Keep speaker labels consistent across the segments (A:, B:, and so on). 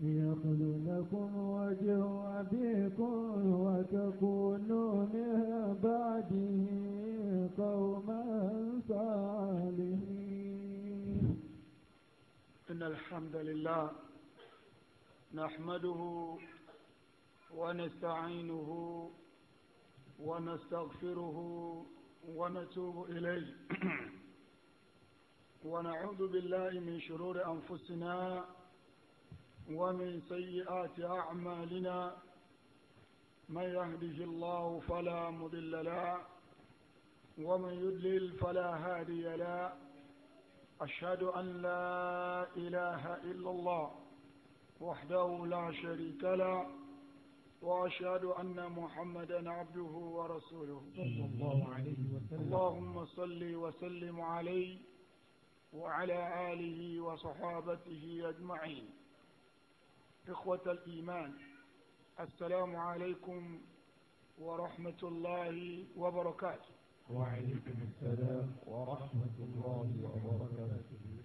A: يخلو لكم وجه أبيكم وتكونوا من بعده
B: قوما صالحين إن الحمد لله نحمده ونستعينه ونستغفره ونتوب إليه ونعوذ بالله من شرور أنفسنا ومن سيئات أعمالنا من يهده الله فلا مضل له ومن يدلل فلا هادي له أشهد أن لا إله إلا الله وحده لا شريك له وأشهد أن محمدا عبده ورسوله صلى الله عليه وسلم اللهم صل وسلم عليه وعلى آله وصحابته أجمعين إخوة الإيمان السلام عليكم ورحمة الله وبركاته
C: وعليكم
A: السلام ورحمة الله وبركاته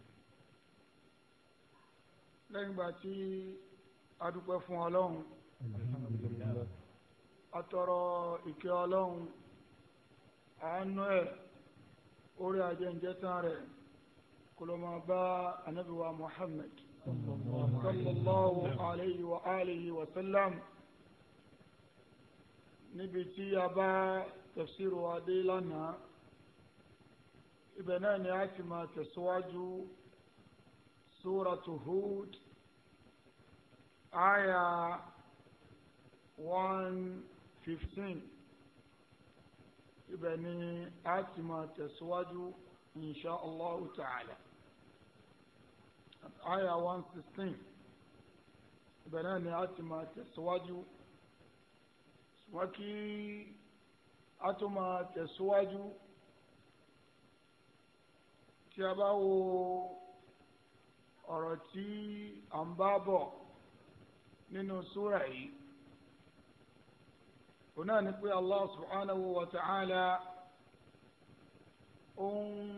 B: لن باتي أدوك a dúpẹ́ أترى ọlọ́run alhamdulillah atọrọ ìkẹ́ ọlọ́run كلما باء نبوى محمد صلى الله عليه وآله وسلم نبتي أبا تفسير وادي لنا إبنان عتمة تسواج سورة هود آية 115 ibẹ̀ ni a إن شاء الله تعالى àyà one sixteen ibẹ̀ náà ni a ti máa tẹ̀síwájú wọ́n kí a tó máa tẹ̀síwájú tí a bá wo ọ̀rọ̀ tí à ń bá bọ̀ nínú súrà yìí òun náà ni pé Allah subhanahu wa ta'ala òun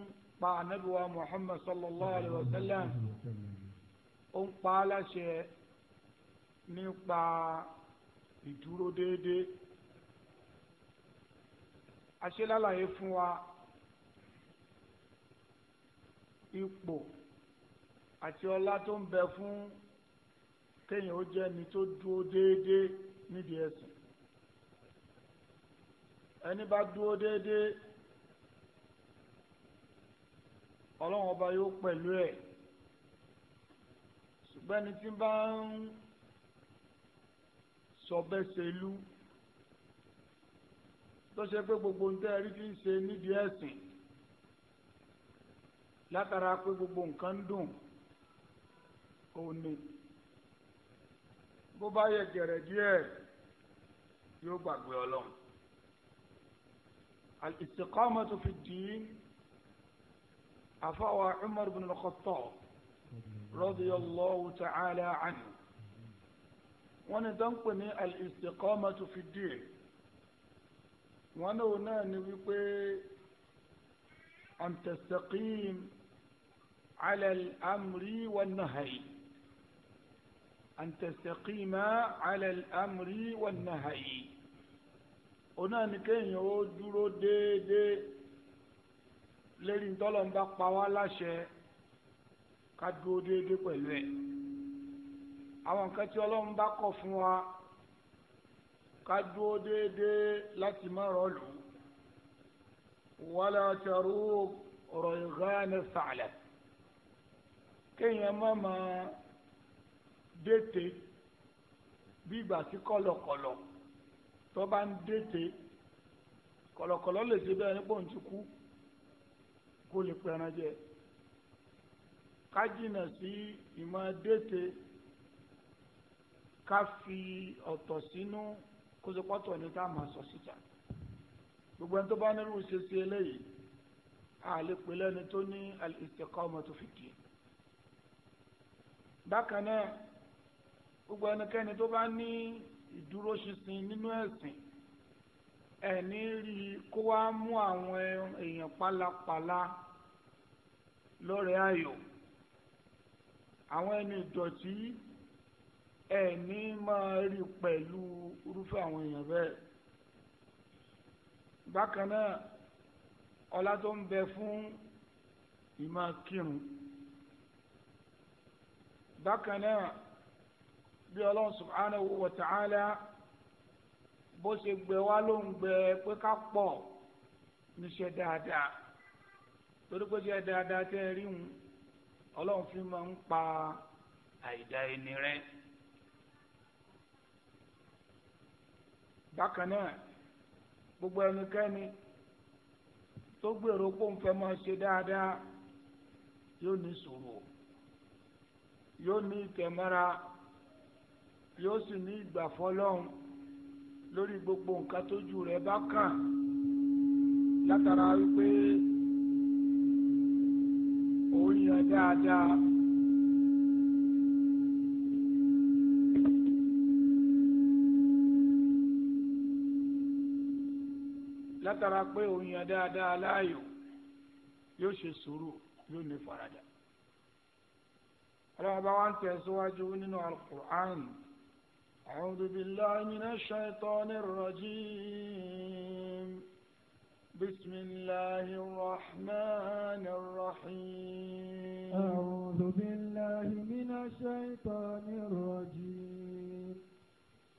B: pa anabiwa muhammad sallallahu alayhi wa sallam ó ń pa á láṣẹ nípa ìdúró déédéé aṣelálàyé fún wa ipò àti ọlá tó ń bẹ fún kéèyàn ó jẹ́ ẹni tó dúró déédéé nídìí ẹ̀sìn ẹni bá dúró déédéé. ọlọ́run ọba yóò pẹ̀lú ẹ̀ ṣùgbọ́n ẹni tí bá ń sọ̀bẹ́sẹ̀lú tó ṣe pé gbogbo ń tẹ́ ẹ rí fi ń ṣe nídìí ẹ̀sìn látara pé gbogbo nǹkan ń dùn òun bó bá yẹ gẹ̀rẹ̀ díẹ̀ yóò gbàgbé ọlọ́run al-istiqamatu fi ddin àfàwà Umar bin al-Khattab radiyallahu ta'ala anhu wọ́n ní dáńpẹ ní al-istiqamatu fi din wọ́n náà náà ní wípé an tastaqim ala al-amri wan-nahyi an tastaqima ala al-amri wan-nahyi wọ́n náà ní kéèyàn ó dúró déédéé lérí ntọ́lọ̀ ń bá pa wá láṣẹ ká dúró déédéé pẹ̀lú ẹ̀ àwọn nǹkan tí ọlọ́run bá kọ̀ fún wa ká dúró déédéé láti má rọlù wàlá tẹrú ọ̀rọ̀ ìhánẹ sàlẹ̀ kéèyàn má máa dètè bí ìgbà tí kọ̀lọ̀kọ̀lọ̀ tó bá ń dètè kọ̀lọ̀kọ̀lọ̀ lè ṣe bẹ́ẹ̀ nípò ń kó lè pẹran jẹ ká jìnnà sí ìmọ̀ déètè ká fi ọ̀tọ̀ sínú kóṣepọ̀tọ̀ ní ká máa sọ síta gbogbo ẹni tó bá nírú ṣe ṣe eléyìí a lè pè lẹ́ni tó ní al-istiqamatu fi din bákan náà gbogbo ẹnikẹ́ni tó bá ní ìdúróṣinṣin nínú ẹ̀sìn ẹni rí i kó wá mú àwọn èèyàn pálapàla lọ́rẹ̀ẹ́ ayọ̀ àwọn ẹni ìdọ̀tí ẹni máa rí pẹ̀lú irúfẹ́ àwọn èèyàn bẹ́ẹ̀ bákan náà ọlá tó ń bẹ fún ìmọ̀ kírun bákan náà bí ọlọ́run subhanahu wa ta'ala bó ṣe gbẹ wá ló ń gbẹ pé ká pọ̀ níṣẹ́ dáadáa torí pé ṣe dáadáa tẹ́ ẹ rí wọn ọlọ́run fi máa ń pa àìdá ẹni rẹ. bákan náà gbogbo ẹnikẹ́ni tó gbèrò pé òun fẹ́ máa ṣe dáadáa yóò ní sùúrù yóò ní ìtẹ̀mọ́ra yóò sì ní ìgbà fọlọ́run lórí gbogbo nǹkan tójú rẹ̀ bá kàn látara wípé òun yàn dáadáa. látara pé òun yàn dáadáa láàyò yóò ṣe sùúrù yóò ní faradà. ọlọ́run bá wá ń tẹ̀síwájú nínú alukur'an. أعوذ بالله من الشيطان الرجيم بسم الله الرحمن الرحيم أعوذ بالله
A: من الشيطان الرجيم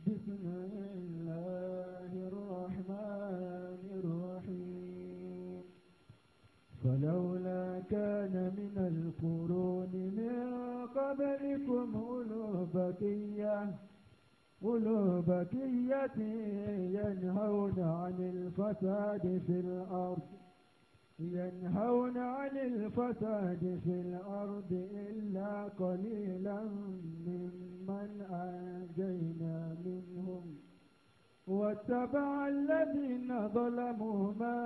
A: بسم الله الرحمن الرحيم فلولا كان من القرون من قبلكم أولو بقيه قلوب كيتي ينهون عن الفساد في الأرض ينهون عن الفساد في الأرض إلا قليلا ممن أنجينا منهم واتبع الذين ظلموا ما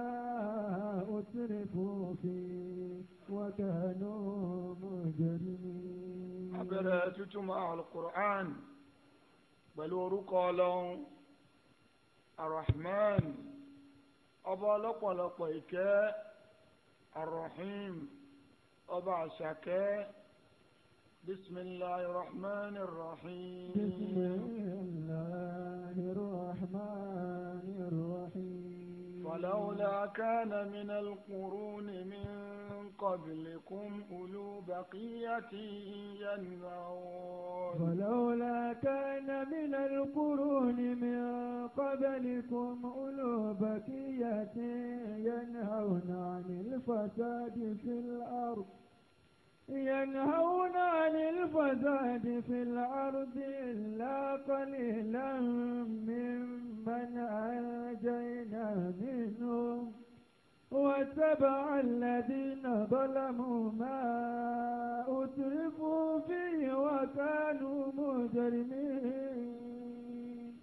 A: أسرفوا فيه وكانوا مجرمين عبر
B: تجمع القرآن pẹ̀lú orúkọ ọlọ́run arahman ọba ọlọ́pọ̀lọpọ̀ ìkẹ́ arahim ọba àṣàkẹ́ bisimilahi rahman rahim.
A: bisimilahi
B: rahman
A: rahim. ولولا
B: كان من القرون من قبلكم أولو بقية ينهون
A: ولولا كان من القرون من قبلكم أولو بقية ينهون عن الفساد في الأرض ينهون عن الفساد في الأرض إلا قليلا ممن أنجينا منهم واتبع الذين ظلموا ما أترفوا فيه
B: وكانوا مجرمين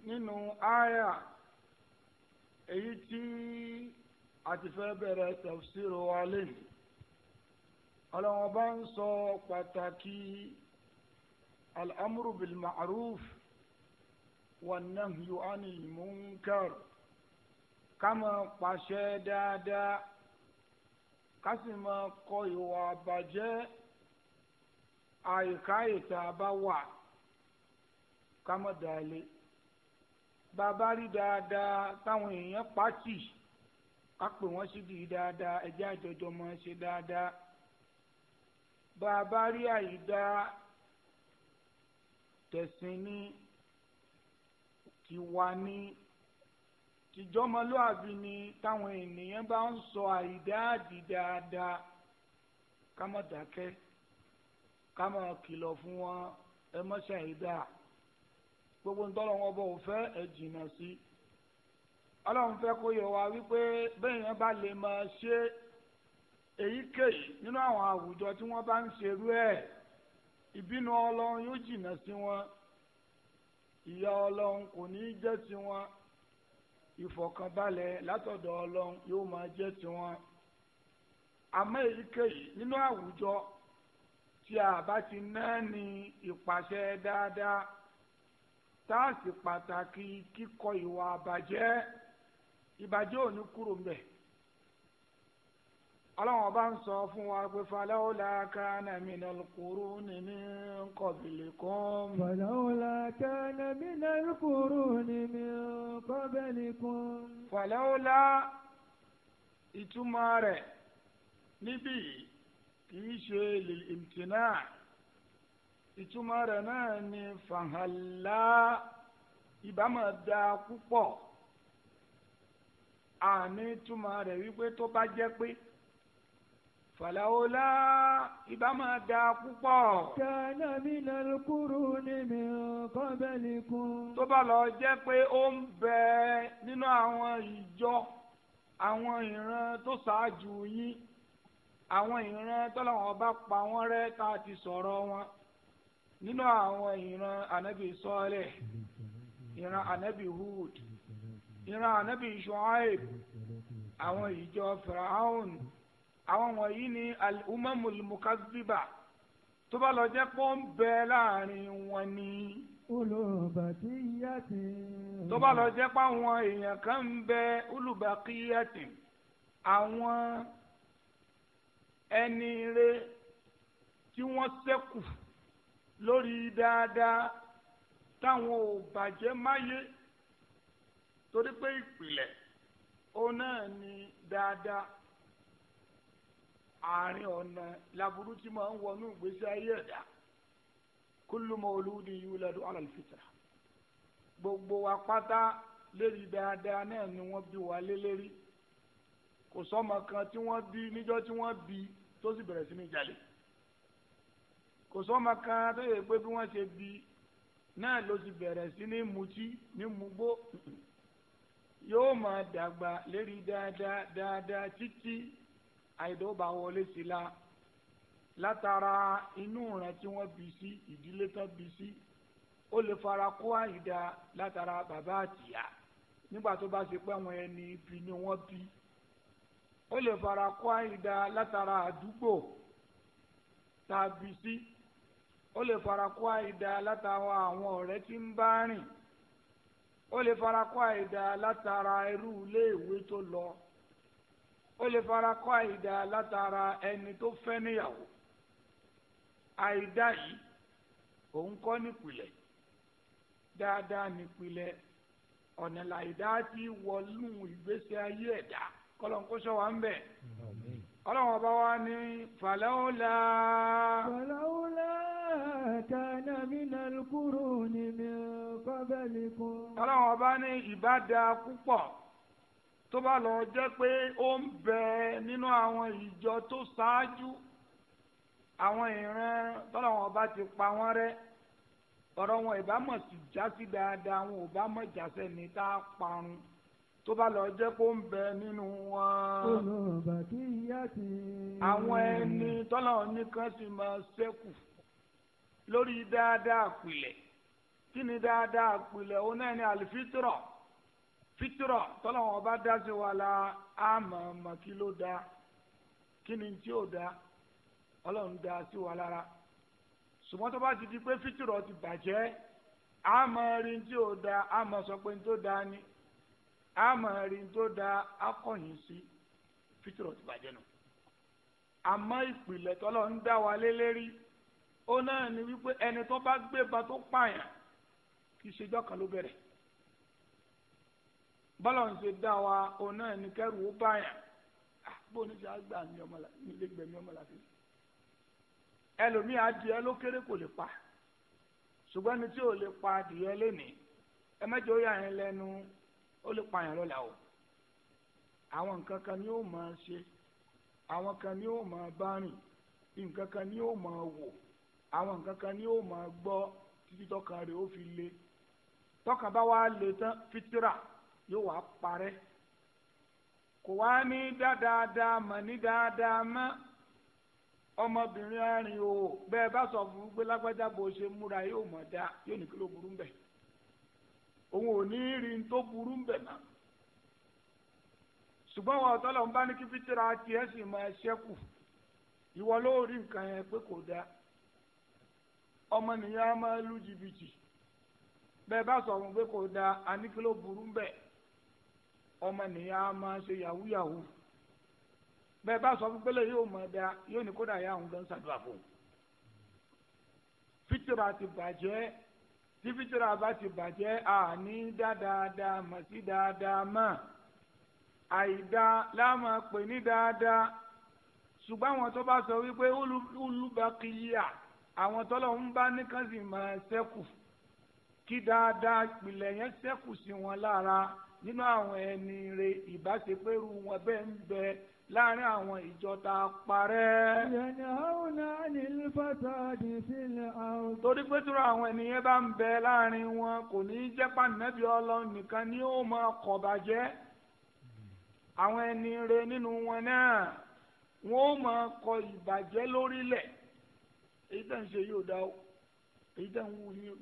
B: nínú àyà èyí tí a ti fẹ́ ọlọ́wọ́n bá ń sọ pàtàkì al'amuru bil ma'ruf wa nahyu anil munkar ká máa pàṣẹ dáadáa ká sì máa kọ ìwà àbàjẹ́ àìká ìta bá wà ká dalẹ̀ bàbá rí dáadáa táwọn èèyàn pàtì ká pè wọ́n sídìí dáadáa ẹjẹ́ àjọjọ́ máa ṣe dáadáa bá a bá rí àyídá tẹ̀sìn ní tiwa ní tìjọ́mọlúàbí ni táwọn ènìyàn bá ń sọ àyídá àdì dáadáa ká má dákẹ́ ká má kìlọ̀ fún wọn ẹ má àyídá gbogbo ń tọ́lọ̀ wọn bọ̀ ò fẹ́ ẹ jìnnà sí ọlọ́run fẹ́ kó yẹ wá wípé bẹ́ẹ̀ yẹn bá lè máa ṣe èyíkéyìí nínú àwọn àwùjọ tí wọ́n bá ń ṣerú ẹ̀ ìbínú ọlọ́run yóò jìnnà sí wọn ìyà ọlọ́run kò ní í jẹ́ sí wọn ìfọ̀kànbalẹ̀ látọ̀dọ̀ ọlọ́run yóò máa jẹ́ sí wọn àmọ́ èyíkéyìí nínú àwùjọ tí a bá ti náà ní ìpàṣẹ dáadáa tá a sì pàtàkì kíkọ ìwà àbàjẹ́ ìbàjẹ́ ò ní kúrò mbẹ̀ ọlọ́run bá ń sọ fún wa pé falawla kana minal quruni min qablikum. falawla kana minal quruni min qablikum. falawla ìtumọ̀ rẹ̀ níbí kì í ṣe lil imtina ìtumọ̀ rẹ̀ náà ni fàhálà ìbámu da púpọ̀ àní ìtumọ̀ rẹ̀ wípé tó bá jẹ́ pé fàlàwòlá ìbámu da púpọ̀. kana minal quruni min qablikum. tó bá lọ jẹ́ pé ó ń bẹ nínú àwọn ìjọ àwọn ìran tó ṣáájú yín àwọn ìran tọ́lọ́wọ́n bá pa wọ́n rẹ́ tá a ti sọ̀rọ̀ wọn nínú àwọn ìran ànábì sọ́ọ̀lẹ̀ ìran ànábì Hud ìran ànábì Shuaib àwọn ìjọ Firaun àwọn wọ̀nyí ni al-umamul mukazziba tó bá lọ jẹ́ pọ́ ń bẹ láàrin wọn ni. olùbàkíyàtì. tó bá lọ jẹ́ pé àwọn èèyàn kan ń bẹ olùbàkíyàtì àwọn ẹni re tí wọ́n ṣẹ́kù lórí dáadáa táwọn ò bàjẹ́ máyé torí pé ìpìlẹ̀ òun náà ni dáadáa àárín ọ̀nà laburú tí máa ń wọnú ìgbésí ayé ẹ̀dá kullu mawludin yuladu ala al-fitra gbogbo wa pátá lérí dáadáa náà ni wọ́n bí wa lé lérí kò sọ́mọ kan tí wọ́n bí níjọ́ tí wọ́n bí tó sì bẹ̀rẹ̀ sí ní jalè kò sọ́mọ kan tó yẹ pé bí wọ́n ṣe bí náà ló ti bẹ̀rẹ̀ sí ní mutí ní mugbó yóò máa dàgbà lérí dáadáa dáadáa títí àìdọ́gba wọlé sí la látara inú ìran tí wọ́n bí sí ìdílé tán bí sí ó lè fara kó àyídá látara bàbá àtìyá nígbà tó bá ṣe pé àwọn ẹni ibi ni wọ́n bí ó lè fara kó àyídá látara àdúgbò tá a bí sí ó lè fara kó àyídá látara àwọn ọ̀rẹ́ tí ń bá rìn ó lè fara kó àyídá látara irú ilé ìwé tó lọ ó lè fara kọ́ àìdá látara ẹni tó fẹ́ níyàwó àìdá yìí òun kọ́ nípìlẹ̀ dáadáa nípìlẹ̀ ọ̀nà làìdá ti wọlú ìgbésí ayé ẹ̀dá kọ́lọ́n kó sọ ń bẹ̀. ọlọ́run ọba wa ní fàlàólà. fàlàólà
A: kana minal quruni min qablikum. ọlọ́run ọba
B: ní ìbá dáa púpọ̀ tó bá lọ jẹ́ pé ó ń bẹ nínú àwọn ìjọ tó ṣáájú àwọn ìran tọ́lá wọn bá ti pa wọ́n rẹ́ ọ̀rọ̀ wọn ìbámọ̀ sì já sí dáadáa wọn ò bá mọ̀ jásẹ̀ ní tá a parun tó bá lọ jẹ́ kó ń bẹ nínú wọn. àwọn ẹni tọ́lá oníkan sì máa ṣẹ́kù lórí dáadáa àpilẹ̀ kí ni dáadáa àpilẹ̀ onáà ní àlùfíìtìrọ̀ fitrọ tọ́lọ́wọ́n ọba dá sí wa la da, ọmọ kí ló dá kí ni tí ò dá ọlọ́run dá sí wa lára ṣùgbọ́n tó bá ti di pé fitrọ ti bàjẹ́ àmọ́ rí tí ò dá àmọ́ sọ pé tó dá ni àmọ́ rí tó dá akọ̀yìn sí fitrọ ti bàjẹ́ nù àmọ́ ìpìlẹ̀ tọ́lọ́run dá wa lé ó náà ni wípé ẹni tó bá gbé ba tó pààyàn kì í ṣe jọ́ ló bẹ̀rẹ̀ bọ́lọ̀ ń ṣe dá wa òun náà ní kẹ́rù ó báyàn bó ní ṣe àgbà mi ọmọ la mi lè gbẹ̀mí ọmọ la fi ẹlòmíì adìẹ ló kéré kò lè pa ṣùgbọ́n ní tí ò lè pa adìẹ lénìí ẹ mẹ́jọ ó yà yẹn lẹ́nu ó lè pa yẹn lọ́la o àwọn nǹkan kan ni ó máa ṣe àwọn kan ni ó máa bá rìn nǹkan kan ni ó máa wò àwọn nǹkan kan ni ó máa gbọ́ títí tọkàn rẹ̀ ó fi le tọkàn bá wa le tán fitira. yóò wá parẹ́ kò wá ní dáadáa mọ̀ ní dáadáa mọ́ ọmọbìnrin arìn o bẹ́ẹ̀ bá sọ fún gbé lágbájá bó ṣe múra yóò mọ̀ dá yóò ní kí ló burú bẹ̀ òun ò ní rí n tó burú bẹ̀ ṣùgbọ́n wọn ọ̀tọ́ lọ́n bá ní kí fitira tiẹ̀ sì mọ ẹṣẹ́ kù ìwọ lu jìbìtì bẹ́ẹ̀ bá sọ fún gbé kò ló burú ọmọnìyàn á máa ṣe yahoo yahoo bẹ́ẹ̀ bá sọ fún pélé yóò mọ ẹ̀dá yóò ní kódà ya òun gan ṣàdúrà fún un fitira ti bàjẹ́ tí fitira bá ti bàjẹ́ àní dáadáa mọ̀ sí dáadáa mọ̀ àìdá láàmú pè ní dáadáa ṣùgbọ́n àwọn tó bá sọ wípé olùbákìyà àwọn tọ́lọ̀ ń bá nìkan sì máa ṣẹ́kù kí dáadáa ìpìlẹ̀ yẹn ṣẹ́kù sí wọn lára nínú àwọn ẹni rẹ ìbáṣepẹ̀rù wọn bẹ́ẹ̀ ń bẹ láàrin àwọn ìjọ tá a parẹ́.
A: yẹnì àwọn àní fàtàdì sílẹ̀ àwọn.
B: torí pé tí àwọn ènìyàn bá ń bẹ láàrin wọn kò ní í jẹ́ pàǹdẹ́bí ọlọ́run nìkan ni ó máa kọ̀ bàjẹ́ àwọn ẹni rẹ nínú wọn náà wọn ó máa kọ ìbàjẹ́ lórílẹ̀ èyí tẹ̀ ń ṣe yóò dá o èyí tẹ̀ ń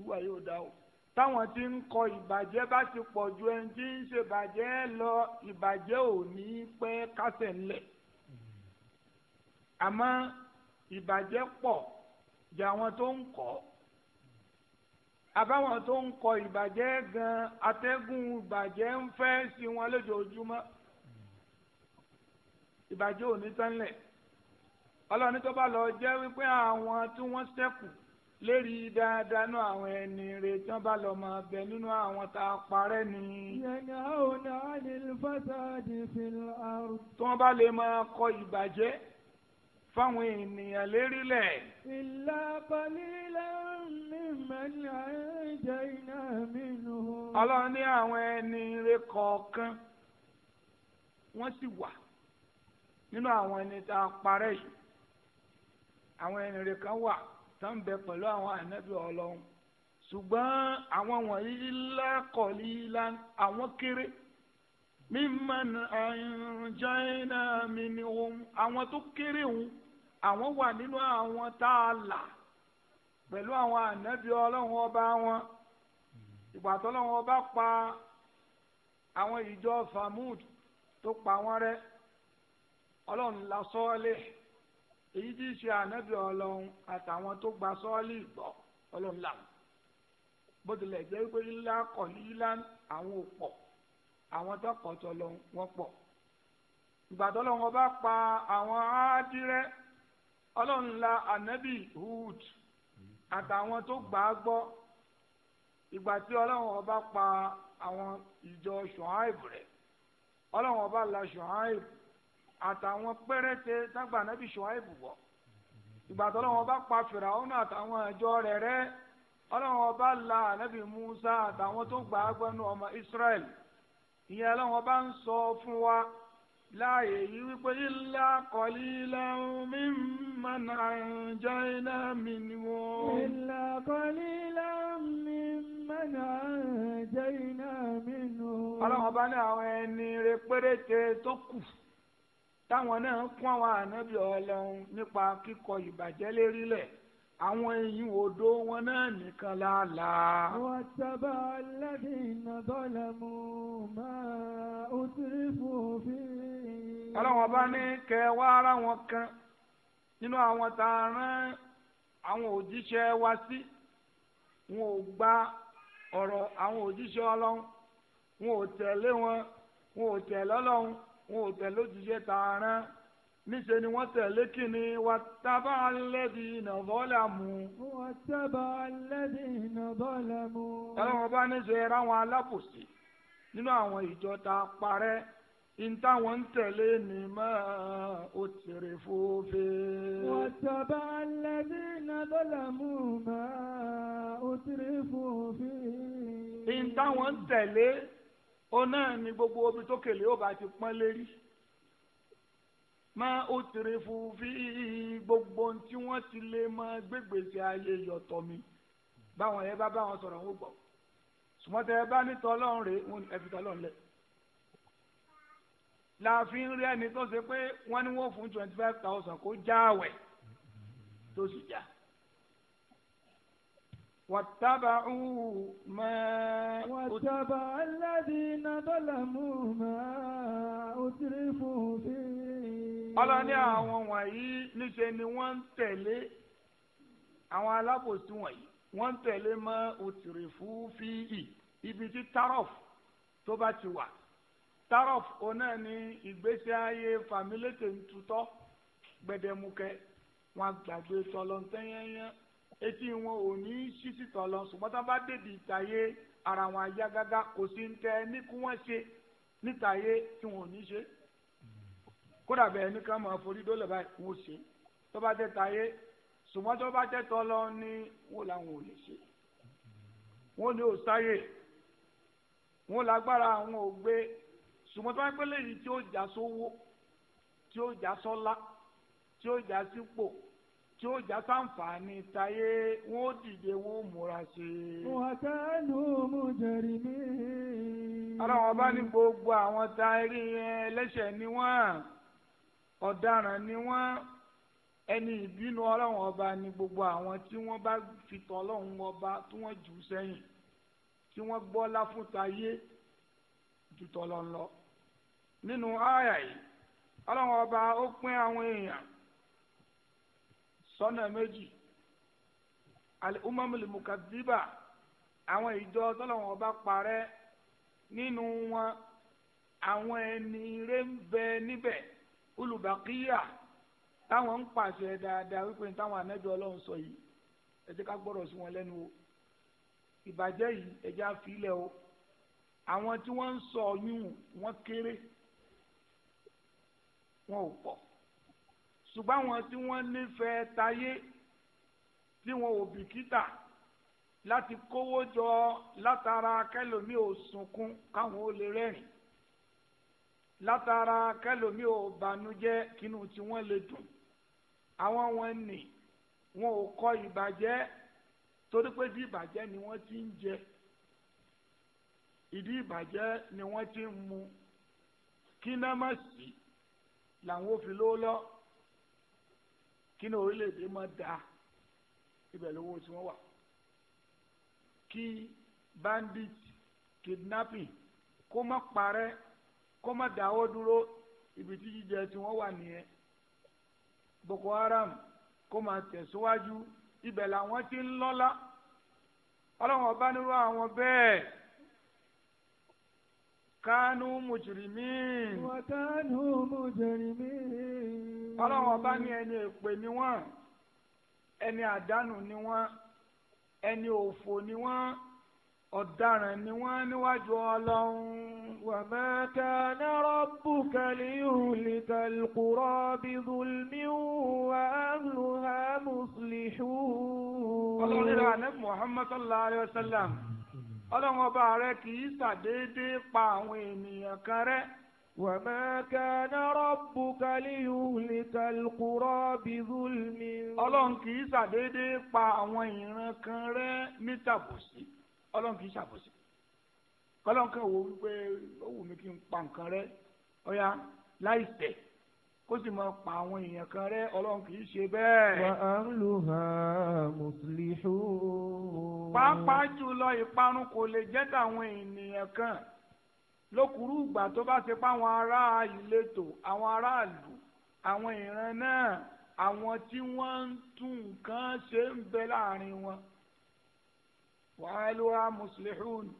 B: wúwa yóò dá o táwọn tí ń kọ ìbàjẹ́ bá ti pọ̀ ju ẹni tí ń ṣèbàjẹ́ lọ ìbàjẹ́ ò ní pẹ́ kásẹ̀ ńlẹ̀ àmọ́ ìbàjẹ́ pọ̀ ju àwọn tó ń kọ́ àbáwọn tó ń kọ ìbàjẹ́ gan atẹ́gùn ìbàjẹ́ ń fẹ́ sí wọn lójoojúmọ́ ìbàjẹ́ ò ní tán lẹ̀ ọlọ́ni tó bá lọ jẹ́ wípé àwọn tí wọ́n ṣẹ́kù lérí dáadáa nú àwọn ẹni rẹ̀ tí wọ́n bá lọ máa bẹ nínú àwọn tá a parẹ́ ni. yẹnì
A: àwọn àlèlfàsàdì fìlàrù. tí wọ́n bá
B: lè máa kọ ìbàjẹ́ fáwọn ènìyàn lérílẹ̀.
A: ìlà balílẹ̀ ní mẹ́lẹ̀ ẹ̀jẹ̀ iná mi nù.
B: ọlọ́run ní àwọn ẹni rẹ̀ kọ̀ọ̀kan wọ́n sì wà nínú àwọn ẹni tá a parẹ́ yìí àwọn ẹni rẹ̀ kan wà tó ń bẹ pẹ̀lú àwọn ànábì ọlọ́run ṣùgbọ́n àwọn wọ̀nyí lákọ̀ọ́lì àwọn kéré mímọ́n àìrìnjáìnà mi ni òun àwọn tó kéré òun àwọn wà nínú àwọn tá a là pẹ̀lú àwọn ànábì ọlọ́run ọba wọn ìgbà tọ́lọ́run ọba pa àwọn ìjọ famud tó pa wọ́n rẹ́ ọlọ́run la èyí tí í ṣe ànábì ọlọ́run àtàwọn tó gba sọ́ọ́lì gbọ́ ọlọ́run làwọn bó tilẹ̀ jẹ́ pé ńlá kọ̀ ní ńlá àwọn ò pọ̀ àwọn tó kọ̀ tó lọ wọ́n pọ̀ ìgbà tó lọ́wọ́ bá pa àwọn áádírẹ́ ọlọ́run la ànábì Hud àtàwọn tó gbà á gbọ́ ìgbà tí ọlọ́run ọba pa àwọn ìjọ ṣùháìbù rẹ̀ ọlọ́run ọba la ṣùháìbù àtàwọn péréte tágbà nábì ṣùháìbù wọ̀ ìgbà tó lọ́wọ́ bá pa fìràwọn àtàwọn ẹ̀jọ́ rẹ̀ rẹ́ ọlọ́wọ́ bá la ànábì musa àtàwọn tó gbà á gbẹ́nu ọmọ israẹli ìyẹn ọlọ́wọ́ bá ń sọ fún wa láàyè yìí wípé illa qalilan mimman anjayna minhum. illa
A: qalilan mimman anjayna minhum. ọlọ́wọ́ bá
B: ní àwọn ẹni rẹ̀ péréte tó kù táwọn náà kún àwọn ànábì ọlọ́run nípa kíkọ ìbàjẹ́ lérílẹ̀ àwọn eyín odò wọn náà nìkan láàlàá. wọ́n sábà lẹ́bí iná bọ́lá mu
A: máa ó tiri fún òfin. ọlọ́run ọba ní
B: kẹwàá ara wọn kan nínú àwọn tá a rán àwọn òjíṣẹ́ wa sí wọn ò gba ọ̀rọ̀ àwọn òjíṣẹ́ ọlọ́run wọn ò tẹ̀lé wọn wọn ò tẹ̀lé ọlọ́run wọn ò tẹ̀lé òjíṣẹ́ tààrán níṣẹ́ ni wọ́n tẹ̀lé kínní wà tábà alẹ́bí nàbọ́là mu. wà tábà
A: alẹ́bí nàbọ́là mu. ẹlọ́wọ́n
B: bá níṣẹ́ ráwọn alábòsí nínú àwọn ìjọ ta parẹ́ ìtàwọn ń tẹ̀lé ní máa ó tèrè fòfè. wà
A: tábà alẹ́bí nàbọ́là mu máa ó tèrè fòfè.
B: ìtàwọn ń tẹ̀lé ó náà ni gbogbo omi tó kèlè ó bá ti pọ́n lérí máa ó tèrè fún fi gbogbo ohun tí wọ́n ti lè máa gbégbèsè ayé yọ̀tọ̀ mi báwọn yẹn bá báwọn sọ̀rọ̀ wọn gbọ́ sùmọ́tẹ́ bá ní tọ́lọ́run rèé wọn ẹ fi tọ́lọ́run lẹ̀ láàfin rí ẹni tó ṣe pé wọ́n ní wọ́n fún twenty five thousand kó já àwẹ̀ tó sì já. واتبعوا ما واتبع الذين
A: ظلموا ما أترفوا فيه ọlọ́ni àwọn
B: wọ̀nyí níṣe ni wọ́n ń tẹ̀lé àwọn alábòsí wọ̀nyí wọ́n ń tẹ̀lé mọ́ òtìrìfú fíì ibi tí taraf tó bá ti wà taraf ọ̀nà ni ìgbésí ayé fàmílétè ń tutọ́ gbẹdẹmukẹ wọn gbàgbé tọlọ́ntẹ́yẹ́yẹ́ etí wọn ò ní í ṣí síta lọ ṣùgbọ́n tá a bá dèdè ìtàyé ara wọn ayá gágá kò sí ń tẹ ní kí wọ́n ṣe nítàyé tí wọn ò ní ṣe kódà bẹ́ẹ̀ ní ká máa forí dólè báyìí wọ́n ṣe tó bá tẹ tàyé ṣùgbọ́n tó bá tẹ tọ́ lọ ní wọ́n làwọn ò lè ṣe wọ́n ní ò sáyè wọ́n lágbára àwọn ò gbé ṣùgbọ́n tó bá pẹ́ lẹ́yìn tí ó jà sówó tí ó jà sọ́lá tí ó jà sípò tí ó já sáǹfààní táyé wọn ó dìde wọn ó múra ṣe.
A: wàtánù mujrimi.
B: ara wọn bá ní gbogbo àwọn táyé yẹn lẹ́ṣẹ̀ ni wọ́n ọ̀daràn ni wọ́n ẹni ìbínú ọlọ́run ọba ni gbogbo àwọn tí wọ́n bá fi tọ́ ọlọ́run ọba tí wọ́n jù sẹ́yìn tí wọ́n gbọ́lá fún táyé jù tọ́ lọ́n lọ. nínú àyà yìí ọlọ́run ọba ó pín àwọn èèyàn sọ́nà méjì al-umamul mukaddiba àwọn ìjọ tọ́lọ́wọ́n bá parẹ́ nínú wọn àwọn ẹni rẹ̀ ń bẹ níbẹ̀ olùbákíyà táwọn ń pàṣẹ dáadáa wípé táwọn anájọ ọlọ́run sọ yìí ẹ jẹ́ ká gbọ́dọ̀ sí wọn lẹ́nu o ìbàjẹ́ yìí ẹ jẹ́ o àwọn tí wọ́n ń sọ ọyún wọn kéré wọn ò pọ̀ ṣùgbọ́n àwọn tí wọ́n nífẹ̀ẹ́ tayé tí wọn ò bìkítà láti kówó jọ látara kẹlòmí ò sunkún káwọn ó lè rẹ́rìn látara kẹlòmí ò bànújẹ́ kínú tí wọ́n lè dùn àwọn wọn nì wọn ò kọ ìbàjẹ́ torí pé bí ìbàjẹ́ ni wọ́n ti ń jẹ ìdí ìbàjẹ́ ni wọ́n ti ń mu kí náà má sí làwọn ò lówó lọ́wọ́ kí ní orílẹ̀-èdè máa da ibẹ̀ lówó tí wọ́n wà kí bandit kidnapping kó má parẹ́ kó má dáwọ́ dúró ibi tí jíjẹ tí wọ́n wà nìyẹn Boko Haram kó máa tẹ̀síwájú ibẹ̀ làwọn ti ń lọ́lá ọlọ́run ọba nírú àwọn bẹ́ẹ̀ kánú mùjìrìmí. wọ́n kánú mùjìrìmí. ọlọ́run ọba ní ẹni èpè ni wọ́n ẹni àdánù ni wọ́n ẹni òfò ni wọ́n ọ̀daràn ni wọ́n níwájú ọlọ́run. wa ma kana rabbuka liyuhlikal qura bidhulmin
A: wa ahluha muslihun. ọlọ́run rẹ̀ àná
B: Muhammad sallallahu alayhi wa sallam ọlọ́run ọba rẹ kì í ṣàdédé pa àwọn ènìyàn kan rẹ́. وما كان ربك ليهلك القرى بظلم ọlọ́run kì í ṣàdédé pa àwọn ìran kan rẹ́ nítàbòsí ọlọ́run kì í ṣàbòsí kọ́lọ́n kan wípé ó wù mí kí n pa nǹkan rẹ́ ọ̀ya láìṣẹ̀ kó sì máa pa àwọn èèyàn kan rẹ́ ọlọ́run kì í ṣe bẹ́ẹ̀. wà
A: á ń lù hàn mùsùlùmí.
B: pàápàá jùlọ ìparun kò lè jẹ́ tàwọn ènìyàn kan lókùrú ìgbà tó bá ṣe páwọn ará ìletò àwọn aráàlú àwọn ìran náà àwọn tí wọ́n ń tún nǹkan ṣe ń bẹ láàrin wọn. wà á lù hàn mùsùlùmí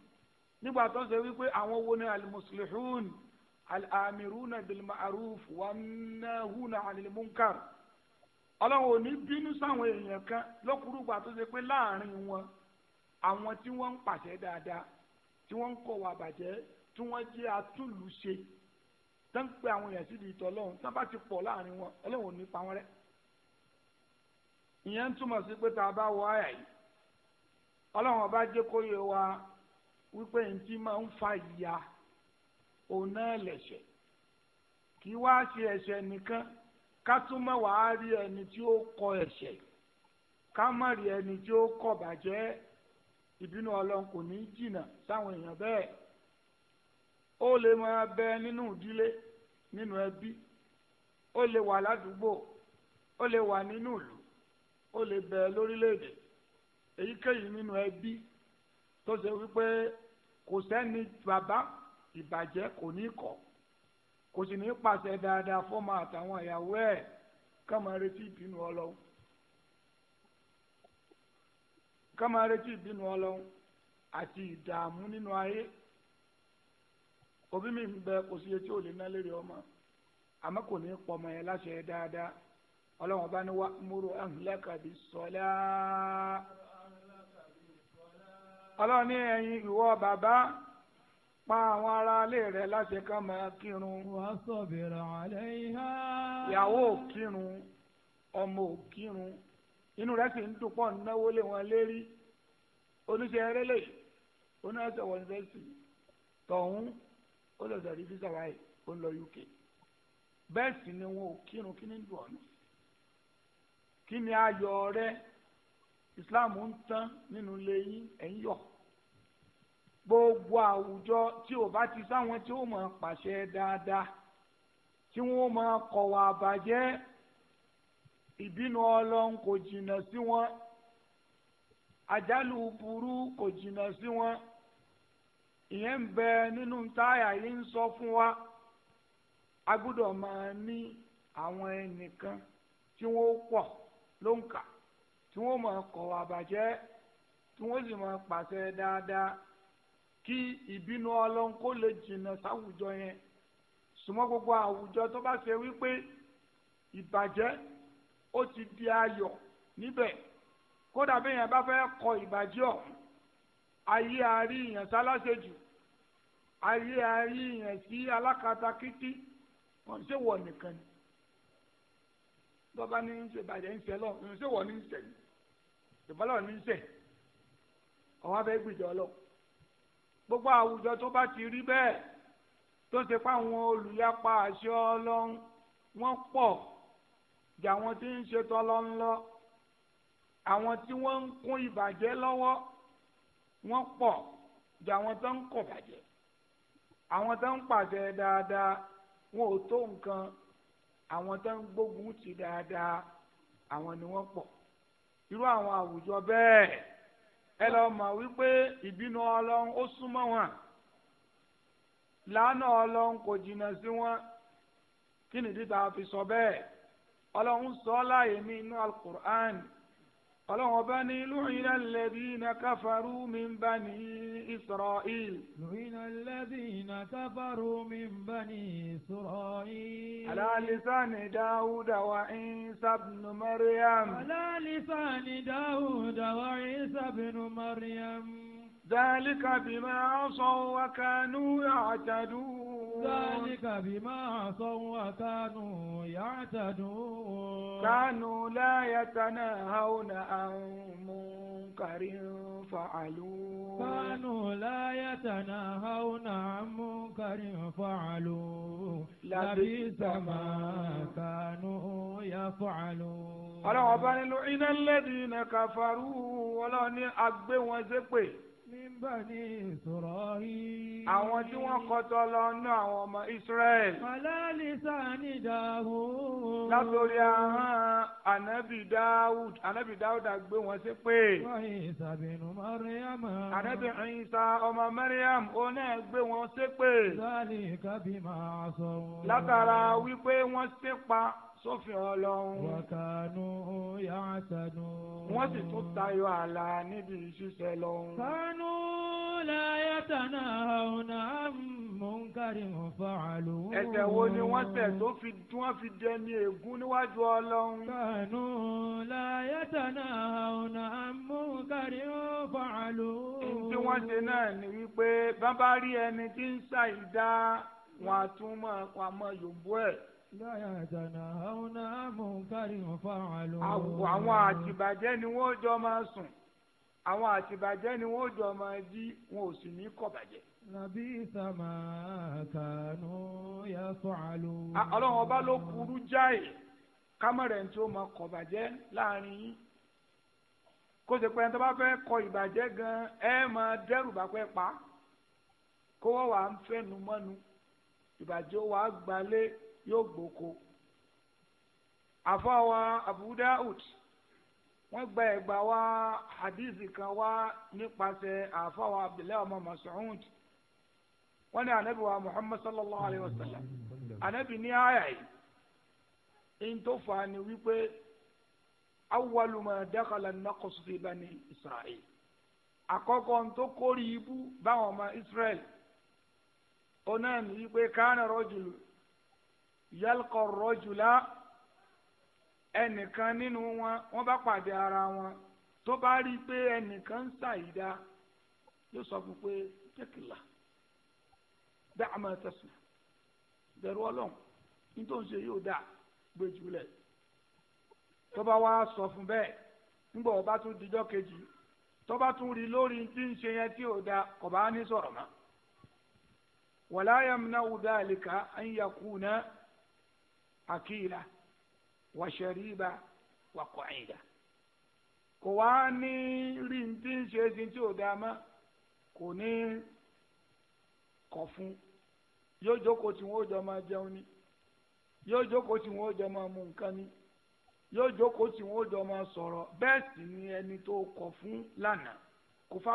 B: nígbà tó ṣe wípé àwọn wo ni àlùmùsùlùmí al بالمعروف bil ma'ruf wan-nahuna 'anil munkar ọlọ́run ò ní bínú sáwọn èèyàn kan lọ́kùrúgba tó ṣe pé láàrin wọn àwọn tí wọ́n ń pàṣẹ dáadáa tí wọ́n ń kọ̀ wà bàjẹ́ tí wọ́n jẹ́ atúlùṣe tó ń pe àwọn èèyàn síbi ìtọ́ ọlọ́run tó bá ti pọ̀ láàrin wọn ọlọ́run ò pa wọ́n rẹ́ ìyẹn ń túmọ̀ sí pé tá a bá wọ àyà yìí ọlọ́run ọba jẹ́ kó yẹ wa wípé ntí máa ń fa ìyà òun náà lẹ̀ṣẹ̀ kí wá ṣe ẹ̀ṣẹ̀ nìkan ká tún mọ̀ wàá rí ẹni tí ó kọ ẹ̀ṣẹ̀ ká má rí ẹni tí ó kọ bàjẹ́ ìbínú ọlọ́run kò ní jìnnà sáwọn èèyàn bẹ́ẹ̀ ó lè máa bẹ nínú ìdílé nínú ẹbí ó lè wà ládùúgbò ó lè wà nínú ìlú ó lè bẹ lórílẹ̀ èyíkéyìí nínú ẹbí tó ṣe wípé kò sẹ́ni bàbá ìbàjẹ́ kò ní kọ̀ kò sì ní pàṣẹ dáadáa fọ́mọ àtàwọn ìyàwó ẹ̀ kàmá ìbínú ọlọ́run kàmá ìbínú àti ìdààmú nínú ayé òbí mi ń bẹ kò sí etí ọmọ àmọ́ kò ní pọmọ yẹn láṣẹ dáadáa ọlọ́run bá ní wá múru pa àwọn aráalé rẹ láti ká máa kírun. wàá sọ̀bìrà àlẹ́ ìhá. ìyàwó ò kírun ọmọ ò kírun inú rẹ sì ń dùn náwó lé wọn lérí oníṣẹ́ erélè oníṣẹ́ tọ̀hún ó lọ ó UK bẹ́ẹ̀ sì ni wọn ò kírun kí ni dùn ọ̀nà Islam ń tán nínú ilé yín gbogbo àwùjọ tí ò bá ti sáwọn tí ó máa pàṣẹ dáadáa tí wọ́n máa kọ̀wà àbàjẹ́ ìbínú ọlọ́run kò jìnnà sí wọn àjálù burú kò jìnnà sí wọn ìyẹn ń bẹ nínú táyà yìí ń sọ fún wa a gbọ́dọ̀ máa ní àwọn ẹnìkan tí wọ́n pọ̀ ló ń kà tí wọ́n máa kọ̀wà àbàjẹ́ tí wọ́n sì máa pàṣẹ dáadáa kí ìbínú ọlọ́run kó lè jìnnà sáwùjọ yẹn súnmọ́ gbogbo àwùjọ tó bá ṣe wípé ìbàjẹ́ ó ti di ayọ̀ níbẹ̀ kódà bí èèyàn bá fẹ́ kọ ìbàjẹ́ ọ̀hún ayé àárí èèyàn sálásẹ̀jù ayé àárí èèyàn sí alákatakítí wọ́n ṣe wọ̀ nìkan ni bọ́ba ní ń ṣe ìbàjẹ́ ń ṣe lọ́wọ́ ṣe wọ̀ ní ṣe ìbálò ní ṣe ọ̀wá fẹ́ gbìjọ gbogbo àwùjọ tó bá ti rí bẹ́ẹ̀ tó ṣe fáwọn olùyapa àṣẹ ọlọ́run wọ́n pọ̀ jà wọn tí ń ṣe tọ́lọ́ńlọ́ àwọn tí wọ́n ń kún ìbàjẹ́ lọ́wọ́ wọ́n pọ̀ jà wọn tó ń kọ̀ bàjẹ́ àwọn tó ń pàṣẹ dáadáa wọn ò tó nǹkan àwọn tó ń gbógun ti dáadáa àwọn ni wọ́n pọ̀ irú àwọn àwùjọ bẹ́ẹ̀. ẹ lọ mọ̀ wípé ìbínú ọlọ́run ó súnmọ́ wọn lánàá ọlọ́run kò jìnnà sí wọn kí nìdí tá a fi sọ bẹ́ẹ̀ ọlọ́run sọ láyé mí inú alukur'an. ọlọ́run ọba ní lóyún alẹ́bíínà káfàrú mi ń bá ní israel. lóyún alẹ́bíínà káfàrú mi ń bá ní israel. alálísàní dáúdà wà
A: ìsàbùnú mariam. alálísàní dáúdà wà ìsàbùnú mariam. ذلك بما عصوا وكانوا يعتدون ذلك بما عصوا وكانوا يعتدون كانوا لا يتناهون عن منكر
B: فعلوه كانوا
A: لا يتناهون عن منكر فعلوه لبئس ما كانوا يفعلون.
B: ọlọ́wọ́ bá nílò iná كفروا kàfàrú ọlọ́ọ̀ni àgbẹ̀wọ̀n ṣépè min bani Isra'il. àwọn tí wọ́n kọ́tọ́ lọ nú àwọn ọmọ Israẹli. alali sani Dawud. látòrí ahọ́n anabi Dawud anabi Dawud àgbé wọn sí pé. wáyé ìsàbẹ̀nù Mariam. anabi Isa ọmọ Mariam ó náà gbé wọn sí pé. látara wípé wọ́n sí pa sófin ọlọ́run.
A: wàkànú yàtànú.
B: wọ́n sì tún tayọ ààlà níbi ìṣiṣẹ́ lọ́hùn.
A: kánú láyàtànà ọ̀nà mọ̀nkárì mọ̀ fàálù. ẹ̀ṣẹ̀ wo ni wọ́n ṣẹ̀
B: tó fi tí wọ́n fi dẹni ègún níwájú ọlọ́run.
A: kánú láyàtànà ọ̀nà mọ̀nkárì mọ̀
B: fàálù. tí wọ́n ṣe náà ni wípé bàbá rí ẹni tí ń ṣàìdá wọn a tún máa pa ọmọ yòówù ẹ̀ àwọn àtìbàjẹ́ ni wọ́n jọ máa sùn àwọn àtìbàjẹ́ ni wọ́n jọ máa jí wọn ò sì ní kọ̀bàjẹ́. nàbí ìsàmà kànú yà sọ àlò. ọlọ́run ọba ló burú jáì kámẹ́rẹ̀ tí ó máa kọ̀bàjẹ́ láàrin yín kó ṣe pé ẹni tó bá fẹ́ kọ ìbàjẹ́ gan ẹ máa dẹ́rù bá pẹ́ pa kó wọ́n wà ń fẹ́nu mọ́nu ìbàjẹ́ wàá gbalé yóò gboko àfọwọ́ Abu Daud wọ́n gba ẹ̀gbà wá hadithi kan wá nípasẹ̀ àfọwọ́ Abdullahi ọmọ Mas'ud wọ́n ní anabi wa Muhammad sallallahu alayhi wa sallam anabi ní àyà yìí ni wípé awwalu ma dakhala an-naqsu fi bani Isra'il àkọ́kọ́ ntò kórìí ibú báwọn ọmọ Israel ọ̀nà ni wípé kánà yálùkọ rọjùlá ẹnìkan nínú wọn wọn bá pàdé ara wọn tó bá rí i pé ẹnìkan ń ṣàyídá yóò sọ fún pé ọlọm dá àmọ́ tẹsán nítorí ṣe yóò dá gbẹjúlẹ tó bá wá sọ fún bẹ́ẹ̀ nígbà wọ́n bá tún dijọ́ kejì tó bá tún rí lórí tí ṣe yẹn tí kò akíla wàṣẹríba wàkọ̀ìdà kò wá ní rí ní tí ń ṣe sí tí ò dáa mọ́ kò ní kọ̀ yóò jókòó tí ó jọ jẹun ni yóò jókòó tí wọn ó jọ máa mu nǹkan yóò tí ó jọ sì ni ẹni tó fún lánàá kò kọ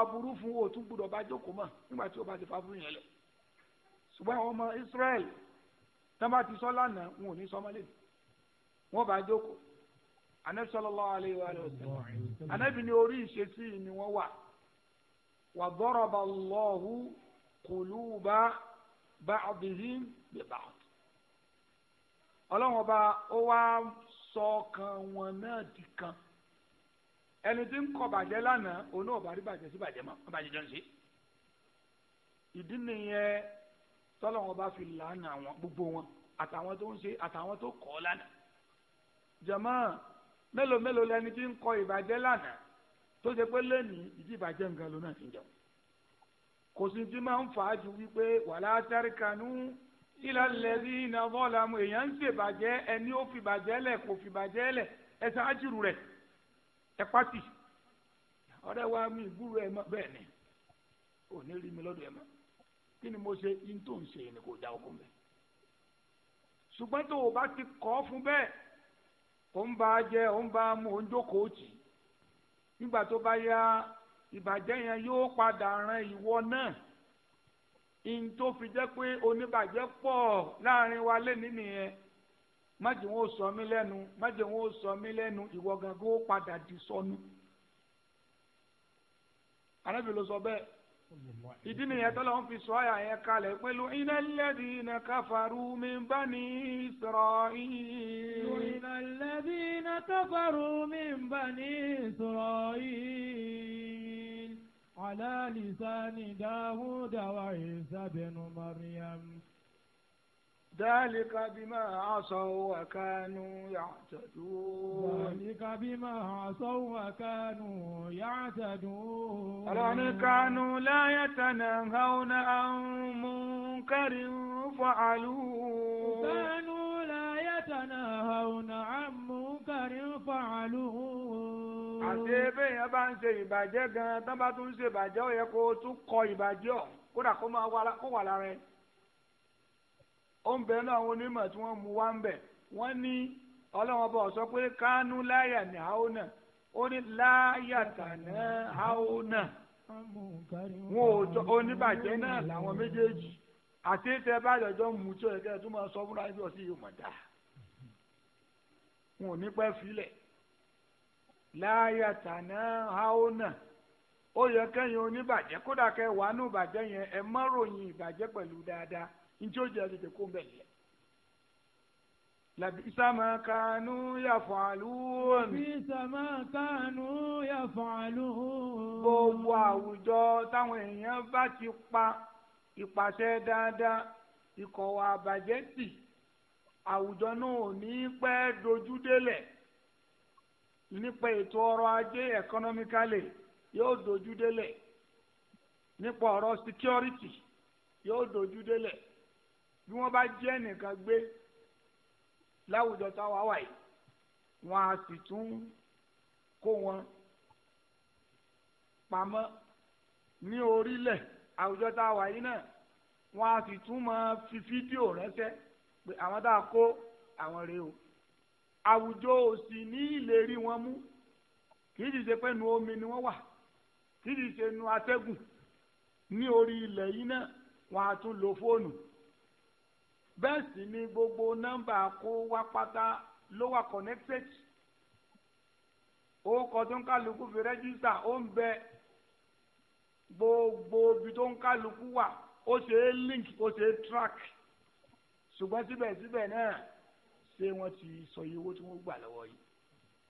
B: aburú fún òtún gbúdọ̀ bá jókòó nígbà tí bá ti ṣùgbọ́n àwọn ọmọ Israel tán bá ti sọ lánàá wọn ò ní sọ mọ́lẹ̀ wọn bá jókòó anabi sallallahu alayhi wa sallam anabi ni orí ìṣesí ni wọ́n wà wà daraba Allahu quluba ba'dihim bi ba'd ọlọ́wọ́n bá ó wá sọ ọkàn wọn náà di kan ẹni tí ń kọ bàjẹ́ lánàá òun bá rí bàjẹ́ sí bàjẹ́ mọ́ bàjẹ́ jọ ń ṣe ìdí nìyẹn tọ́lọ̀ wọn bá fi lànà àwọn gbogbo wọn àtàwọn tó ń ṣe àtàwọn tó kọ́ lánà. jàmá mélòó mélòó lẹni tí ń kọ ìbàjẹ́ lánà tó ṣe pé lẹ́nu ìdí ìbàjẹ́ nǹkan ló náà ti jẹun. kò sí tí máa ń fà á ju wípé wàlá tẹ́ríkanú ìlà lẹ́rí iná bọ́ọ̀lámù èèyàn ń ṣèbàjẹ́ ẹni ó fìbàjẹ́ lẹ̀ kò fìbàjẹ́ lẹ̀ ẹ ṣáájú rẹ̀ ẹ pátì ọ̀rẹ́ wa mi ìgbúrò ẹ̀ mọ́ bẹ́ẹ̀ ni ò ní rí mi lọ́dọ̀ ẹ̀ mọ́ kini mo se yín tó ń ṣe ni kò okun bẹ́ẹ̀ ṣùgbọ́n tó o bá ti kọ́ fún bẹ́ẹ̀ o ń ba a jẹ o ń ba mu mú ń jókòó tì nígbà tó bá yá ìbàjẹ́ yẹn yóò padà ran ìwọ náà tó fi jẹ́ pé oníbàjẹ́ pọ̀ láàrin wa lẹ́ni nìyẹn májè wọn ò sọ mí lẹ́nu májè wọn ò sọ mí lẹ́nu ìwọ gangan ó di ìdí nìyẹn tó lọ́n fi sọ àyà yẹn kalẹ̀ pẹ̀lú iná lẹ́dí iná káfàrú mi bá ní Isra'il. iná lẹ́dí iná káfàrú mi bá ní
A: Isra'il. ala lisani Dawuda wa Isa bẹnu Maryam.
B: ذلك بما عصوا وكانوا يعتدون ذلك بما عصوا
A: وكانوا يعتدون ألان كانوا لا يتناهون عن منكر فعلوه كانوا لا يتناهون عن منكر فعلوه
B: àti bẹ́ẹ̀ bá ń ṣe ìbàjẹ́ gan-an tán bá tún ṣe ìbàjẹ́ ó kó tún kọ ìbàjẹ́ ọ̀ kódà kó wà lára ẹ̀ ó ń bẹ náà àwọn onímọ̀ tí wọ́n mú wá ń bẹ̀ wọ́n ní ọlọ́wọ́n bọ̀ sọ pé kánú láyà ní àwọn náà ó ní láyà tàná àwọn náà wọn ò jọ oníbàjẹ́ náà làwọn méjèèjì àti tẹ bá jọjọ́ mú tí ọ̀yẹ́kẹ́ tó máa sọ fúnra bí ọ̀sìn yìí mọ̀ dá wọn ò ní pẹ́ filẹ̀ láyà tàná àwọn náà ó yẹ kẹ́yìn oníbàjẹ́ kódà kẹ́ wàánú ìbàjẹ́ yẹn ẹ má ìbàjẹ́ pẹ̀lú dáadáa njẹ́ ó jẹ́ tètè kó bẹ̀ nìyẹn. Labi sama kanu ya fa'alun. Labi sama kanu ya fa'alun. Gbogbo àwùjọ táwọn èèyàn bá ti pa ìpàṣẹ dáadáa ìkọ̀wà àbàjẹ́ tì àwùjọ náà ò ní pẹ́ dojú délẹ̀ nípa ètò ọrọ̀ ajé economically yóò dojú délẹ̀ nípa ọ̀rọ̀ security yóò dojú délẹ̀ bí wọ́n bá jẹ́ nìkan gbé láwùjọ táwa wà yìí wọ́n á sì tún kó wọn pamọ́ ní orílẹ̀ àwùjọ táwa yìí náà wọ́n á sì tún máa fi fídíò ránṣẹ́ pé àwọn tá a kó àwọn rèé o àwùjọ ò sì ní ìlérí wọn mú kì í pé nu omi ni wọ́n wà kì í sì nu atẹ́gùn ní orí ilẹ̀ yìí náà wọ́n á tún lo fóònù bẹ́ẹ̀ sì ni gbogbo nọ́mbà kó wá pátá ló wà connected ó kọ tó ń kálukú fi rẹ́jísítà ó ń bẹ gbogbo ibi tó ń kálukú wà ó ṣe é link ó ṣe é track ṣùgbọ́n síbẹ̀síbẹ̀ náà ṣé wọ́n ti sọ iye owó tí wọ́n gbà lọ́wọ́ yìí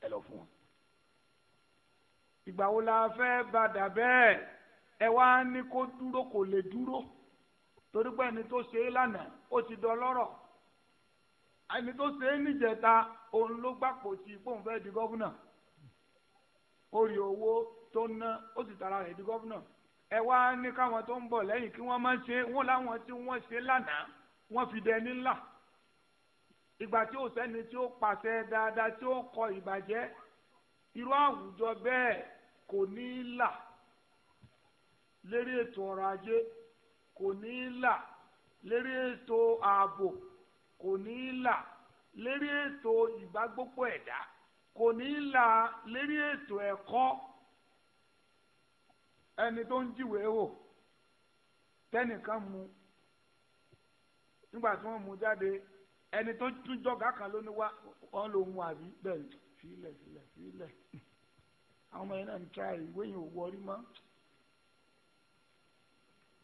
B: ẹ lọ fún wọn. ìgbà wo la fẹ́ bá bẹ́ẹ̀ ẹ wá ní kó dúró kò lè dúró torí pé ẹni tó ṣe é lánàá ó ti dọ lọ́rọ̀ ẹni tó ṣe é níjẹta òun ló gbàpò tí fóun fẹ́ di gọ́vùnà ó rí owó tó ná ó sì tara rẹ̀ di gọ́vùnà ẹ wá ní káwọn tó ń bọ̀ lẹ́yìn kí wọ́n má ṣe wọ́n láwọn tí wọ́n ṣe lánàá wọ́n fi dẹni ńlá ìgbà tí ó sẹ́ni tí ó pàṣẹ dáadáa tí ó kọ ìbàjẹ́ irú àwùjọ bẹ́ẹ̀ kò ní í là lérí ètò ọrọ̀ ajé kò ní í là lérí ètò ààbò kò ní í là lérí ètò ìbágbópọ̀ ẹ̀dá kò ní í là lérí ètò ẹ̀kọ́ ẹni tó ń jíwèé wò tẹnìkan mu nígbà tí wọ́n mu jáde ẹni tó tún jọ̀gá kan ló ní wá ọ́n ló mu àbí bẹ́ẹ̀ sílẹ̀ sílẹ̀ sílẹ̀ àwọn ọmọ yẹn náà ń tra ìwé yẹn ò wọrí mọ́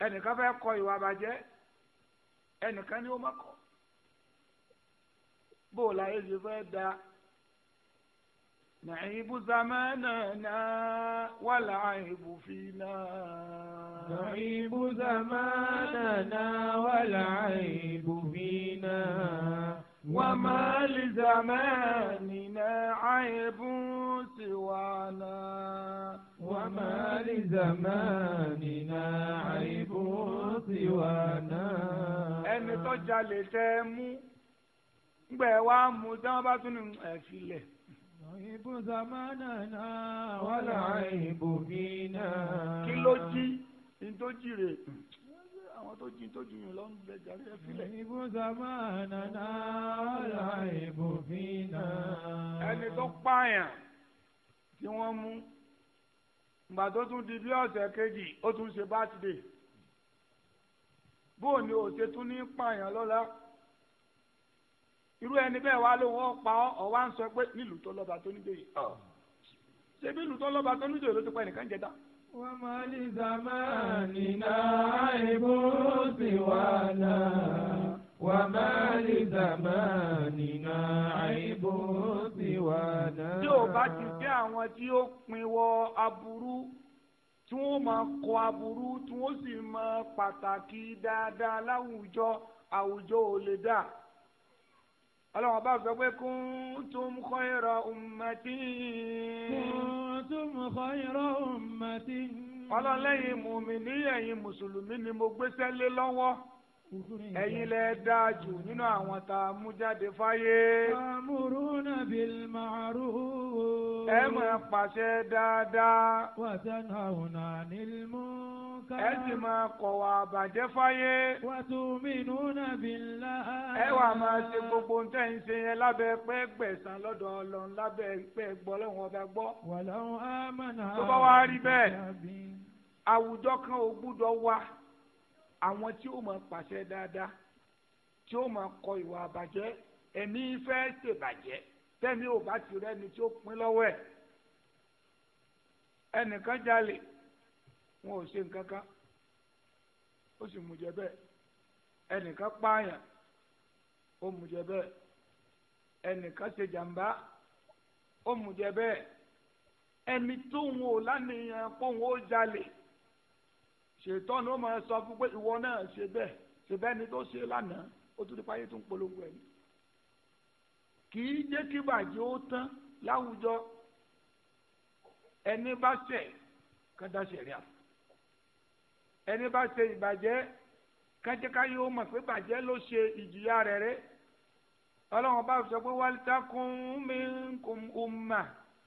B: ẹnìkan fẹ́ kọ ìwà bàjẹ́ ẹnìkan ni ó má kọ bó o láyé ṣe fẹ́ da nàìbù zamanana wàlà àìbù fínà. nàìbù zamanana wàlà
A: àìbù fínà. wàmà lè zamanina
B: àìbù tiwana. وما لزماننا
A: عيب سوانا. ẹni tó
B: jalè tẹ́ ẹ mú gbẹ wá mú tí wọn bá tún ní ẹ filẹ̀. ìbò zamana náà wà láàrin ìbò mi náà. kí ló jí ní tó jí rè àwọn tó jin tó jiyàn lọ ń bẹ jàre ẹ filẹ. ìbò zamana náà
A: wà láàrin ìbò mi náà. ẹni tó
B: pààyàn tí wọ́n mú ìgbà tó tún di bí ọ̀sẹ̀ kejì ó tún ṣe bátidé bóò ni ò ṣe tún ní pààyàn lọ́la irú ẹni bẹ́ẹ̀ wá ló wọ́n pa ọ́ ọ̀ wá ń sọ pé nílùú tó lọ́ba tó níjòyè ah. ṣé bí ìlú tó lọ́ba tó níjòyè ló ti pa ẹnìkan jẹta. wọ́n máa ní zamani náà ìbò sí wàhálà. وما لزماننا
A: عيب سوانا. tí ò bá ti
B: jẹ́ àwọn tí ó pin wọ aburú tí wọ́n máa kọ aburú tí wọ́n sì máa pàtàkì dáadáa láwùjọ àwùjọ ò lè dà. ọlọ́run bá sọ pé ọlọ́lẹ́yìn mùmí ní ẹ̀yìn mùsùlùmí ni mo gbéṣẹ́ lé lọ́wọ́ ẹ̀yin lẹ dáa jù nínú àwọn tá a mú jáde fáyé. amúrúnà bíl màrú. ẹ máa pàṣẹ
A: dáadáa. wàtán àwùnà nílmú ká. ẹ sì máa kọ̀
B: wà bàjẹ́ fáyé. wàtú mínúnà billah. ẹ wà máa ṣe gbogbo ń ń ṣe yẹn lábẹ́ pẹ́ gbẹ̀sán lọ́dọ̀ ọlọ́run lábẹ́ pẹ́ gbọ́ lọ́wọ́n ọba gbọ́. wàlọ́hún
A: á tó bá wá rí bẹ́ẹ̀
B: àwùjọ kan ò gbúdọ̀ wà àwọn tí ó máa pàṣẹ dáadáa tí ó máa kọ ìwà àbàjẹ́ ẹ̀mí fẹ́ ṣèbàjẹ́ tẹ́mi ò bá ti rẹ́ni tí ó pín lọ́wọ́ ẹ̀ ẹnìkan jalè wọn ò ṣe nǹkan kan ó sì mú jẹ bẹ́ẹ̀ ẹnìkan pààyàn ó mú jẹ bẹ́ẹ̀ ẹnìkan ṣe jàǹbá ó mú jẹ bẹ́ẹ̀ ẹni tó ń wò lánìyàn pé òun ó jalè ṣètọ́nù ó máa sọ fún pé ìwọ náà ṣe bẹ́ẹ̀ ṣe bẹ́ẹ̀ ni tó ṣe lánàá ó tún nípa ayé tó ń polongo ẹ̀ kì í jẹ́ kí bàjẹ́ ó tán láwùjọ ẹni bá ṣẹ̀ kádà ṣẹ̀ríà ẹni bá ṣe ìbàjẹ́ kájẹ́ká yóò mọ̀ pé bàjẹ́ ló ṣe ìjìyà rẹ̀ rẹ̀ ọlọ́run bá sọ pé wal takum minkum ummah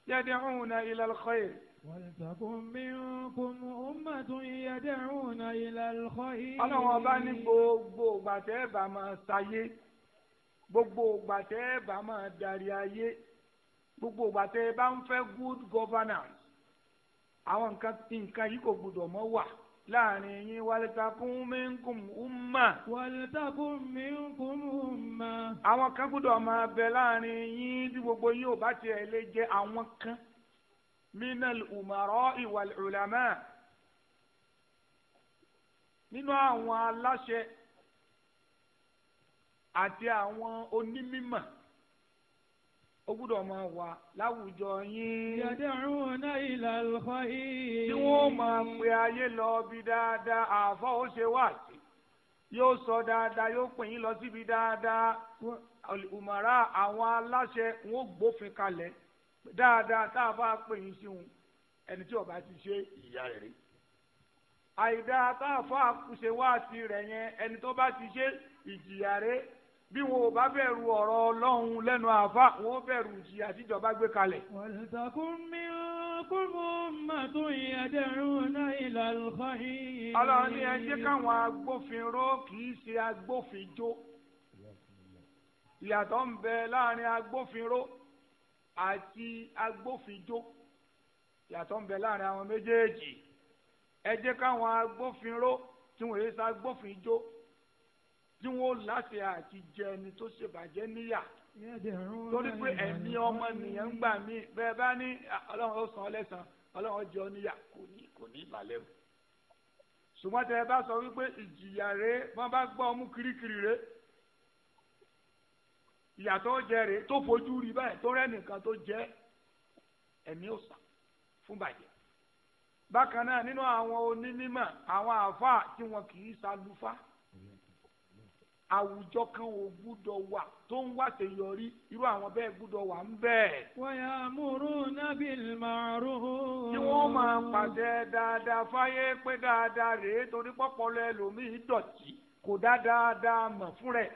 B: yad'una ila al-khair.
A: ولتكن منكم أمة يدعون إلى الخير.
B: ọlọ́run ọba ní باتي ìgbà tẹ́ ẹ bá máa ṣayé gbogbo ìgbà tẹ́ ẹ bá máa darí ayé gbogbo ìgbà tẹ́ ẹ bá ń fẹ́ good governance àwọn nǹkan nǹkan yìí kò gbọdọ̀ mọ́ wà láàrin yín wàlítakùn mínkùn ùmmà. wàlítakùn mínkùn ùmmà. àwọn kan gbọdọ̀ máa bẹ láàrin yín tí gbogbo yín ò bá tiẹ̀ lè jẹ́ àwọn kan من الأمراء والعلماء من àwọn aláṣẹ àti àwọn onímímọ̀ ó gbúdọ̀ máa wà láwùjọ yín. yad'una ila al-khayr. tí wọ́n máa pe ayé lọ bí dáadáa àfọ́ ó ṣe wá sí yóò sọ dáadáa yóò pè yín lọ síbi dáadáa al-umara àwọn aláṣẹ wọn gbófin kalẹ̀ dáadáa tá a bá pè yín sí wọn ẹni tí ọba ti ṣe ìyá rẹ̀ rí àìdáa tá a fà ṣe wá sí rẹ̀ yẹn ẹni tó bá ti ṣe ìjìyà rẹ̀ bí wọn ò bá bẹ̀rù ọ̀rọ̀ ọlọ́run lẹ́nu àfa wọn ò ìjìyà tíjọba gbé kalẹ̀. wàlùtàkùn mi kún fún màtó ìyàdẹ̀rùn náà ìlànà kọ́hìn. ọlọ́run ní ẹ jẹ́ káwọn agbófinró kì í ṣe agbófinjó ìyàtọ̀ ń bẹ láàrin agbófinró àti agbófinjó yàtọ̀ ń bẹ láàrin àwọn méjèèjì ẹ jẹ́ káwọn agbófinró tí wọ́n yé sá agbófinjó tí wọ́n láṣẹ àti jẹ ẹni tó ṣèbàjẹ́ níyà torí pé ẹ̀mí ọmọ nìyẹn ń gbà mí bẹ́ẹ̀ bá ní ọlọ́run ó san ọ ọlọ́run ó ọ níyà kò ní kò ní ìbàlẹ̀ mu ṣùgbọ́n tẹ ẹ bá sọ wípé ìjìyà rèé wọ́n bá gbọ́ ọmú kirikiri rèé ìyàtọ̀ jẹ rèé tó fojú rí báyìí tó rẹ́nìkan tó jẹ́ ẹ̀mí òsà fún bàjẹ́ bákan náà nínú àwọn onímọ̀ àwọn àáfàá tí wọn kì í salúfà àwùjọ kan ò gbúdọ̀ wà tó ń wàṣẹ yọrí irú àwọn bẹ́ẹ̀ gbúdọ̀ wà ń bẹ́ẹ̀. wọ́yà múrú nábì màrú. tí wọ́n máa pàṣẹ dáadáa fáyé pé dáadáa rèé torí pọ́pọ́lọ́ ẹlòmíì dọ̀tí kò dá dáadáa mọ̀ fún rẹ̀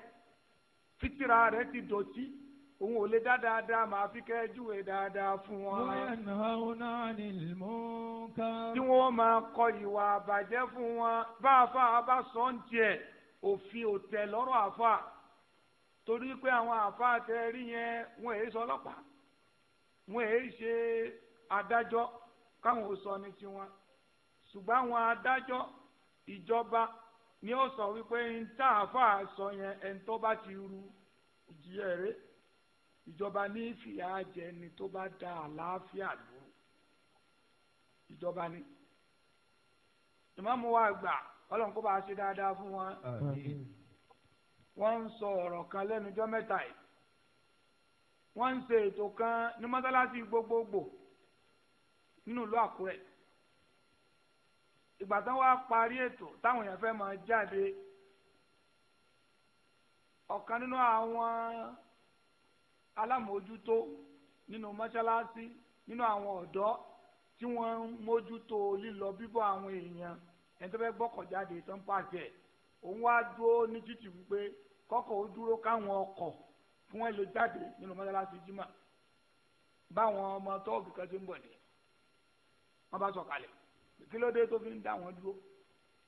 B: fitira rẹ̀ ti dọ̀tí òun ò lè dá dáadáa màá fi kẹ́júwe dáadáa fún wọn.
A: yanhauna
B: anil munkar. tí wọ́n máa kọ ìwà àbàjẹ́ fún wọn bá a fa abá sọ ń tiẹ̀ òfin ò lọ́rọ̀ àfa torí pé àwọn àfa tẹ rí yẹn wọn èyí sọ ọlọ́pàá wọn èyí ṣe adájọ́ káwọn ò sọ ní tiwọn ṣùgbọ́n àwọn adájọ́ ìjọba ni ó sọ wípé ń tá àáfàá sọ yẹn ẹni tó bá ti ru ìjìyà rẹ̀ ìjọba ní fìyà jẹ ni tó bá da àlàáfíà lóru ìjọba ní. ìmáàmù wa gbà ọlọ́run kó bá a ṣe dáadáa fún wọn. wọ́n ń sọ ọ̀rọ̀ kan lẹ́nujọ́ mẹ́ta yìí wọ́n ń ṣe ètò kan ní mọ́sálásí gbogbogbò nínú ìlú Àkúrẹ́ ìgbà tán wá parí ètò táwọn èèyàn fẹ́ máa jáde ọ̀kan nínú àwọn alámòójútó nínú mọ́ṣáláṣí nínú àwọn ọ̀dọ́ tí wọ́n ń mójútó lílọ bíbọ̀ àwọn èèyàn ẹni tó fẹ́ gbọ́kọ̀ jáde tán pàṣẹ òun wá dúró ní títì wípé kọ́kọ́ ó dúró káwọn ọkọ̀ kí wọ́n lè jáde nínú mọ́ṣáláṣí jimá báwọn ọmọ tóògì kan ṣe ń bọ̀ nìyẹn wọ́n bá sọ̀kalẹ̀ kí ló dé tó fi ń dá wọn dúró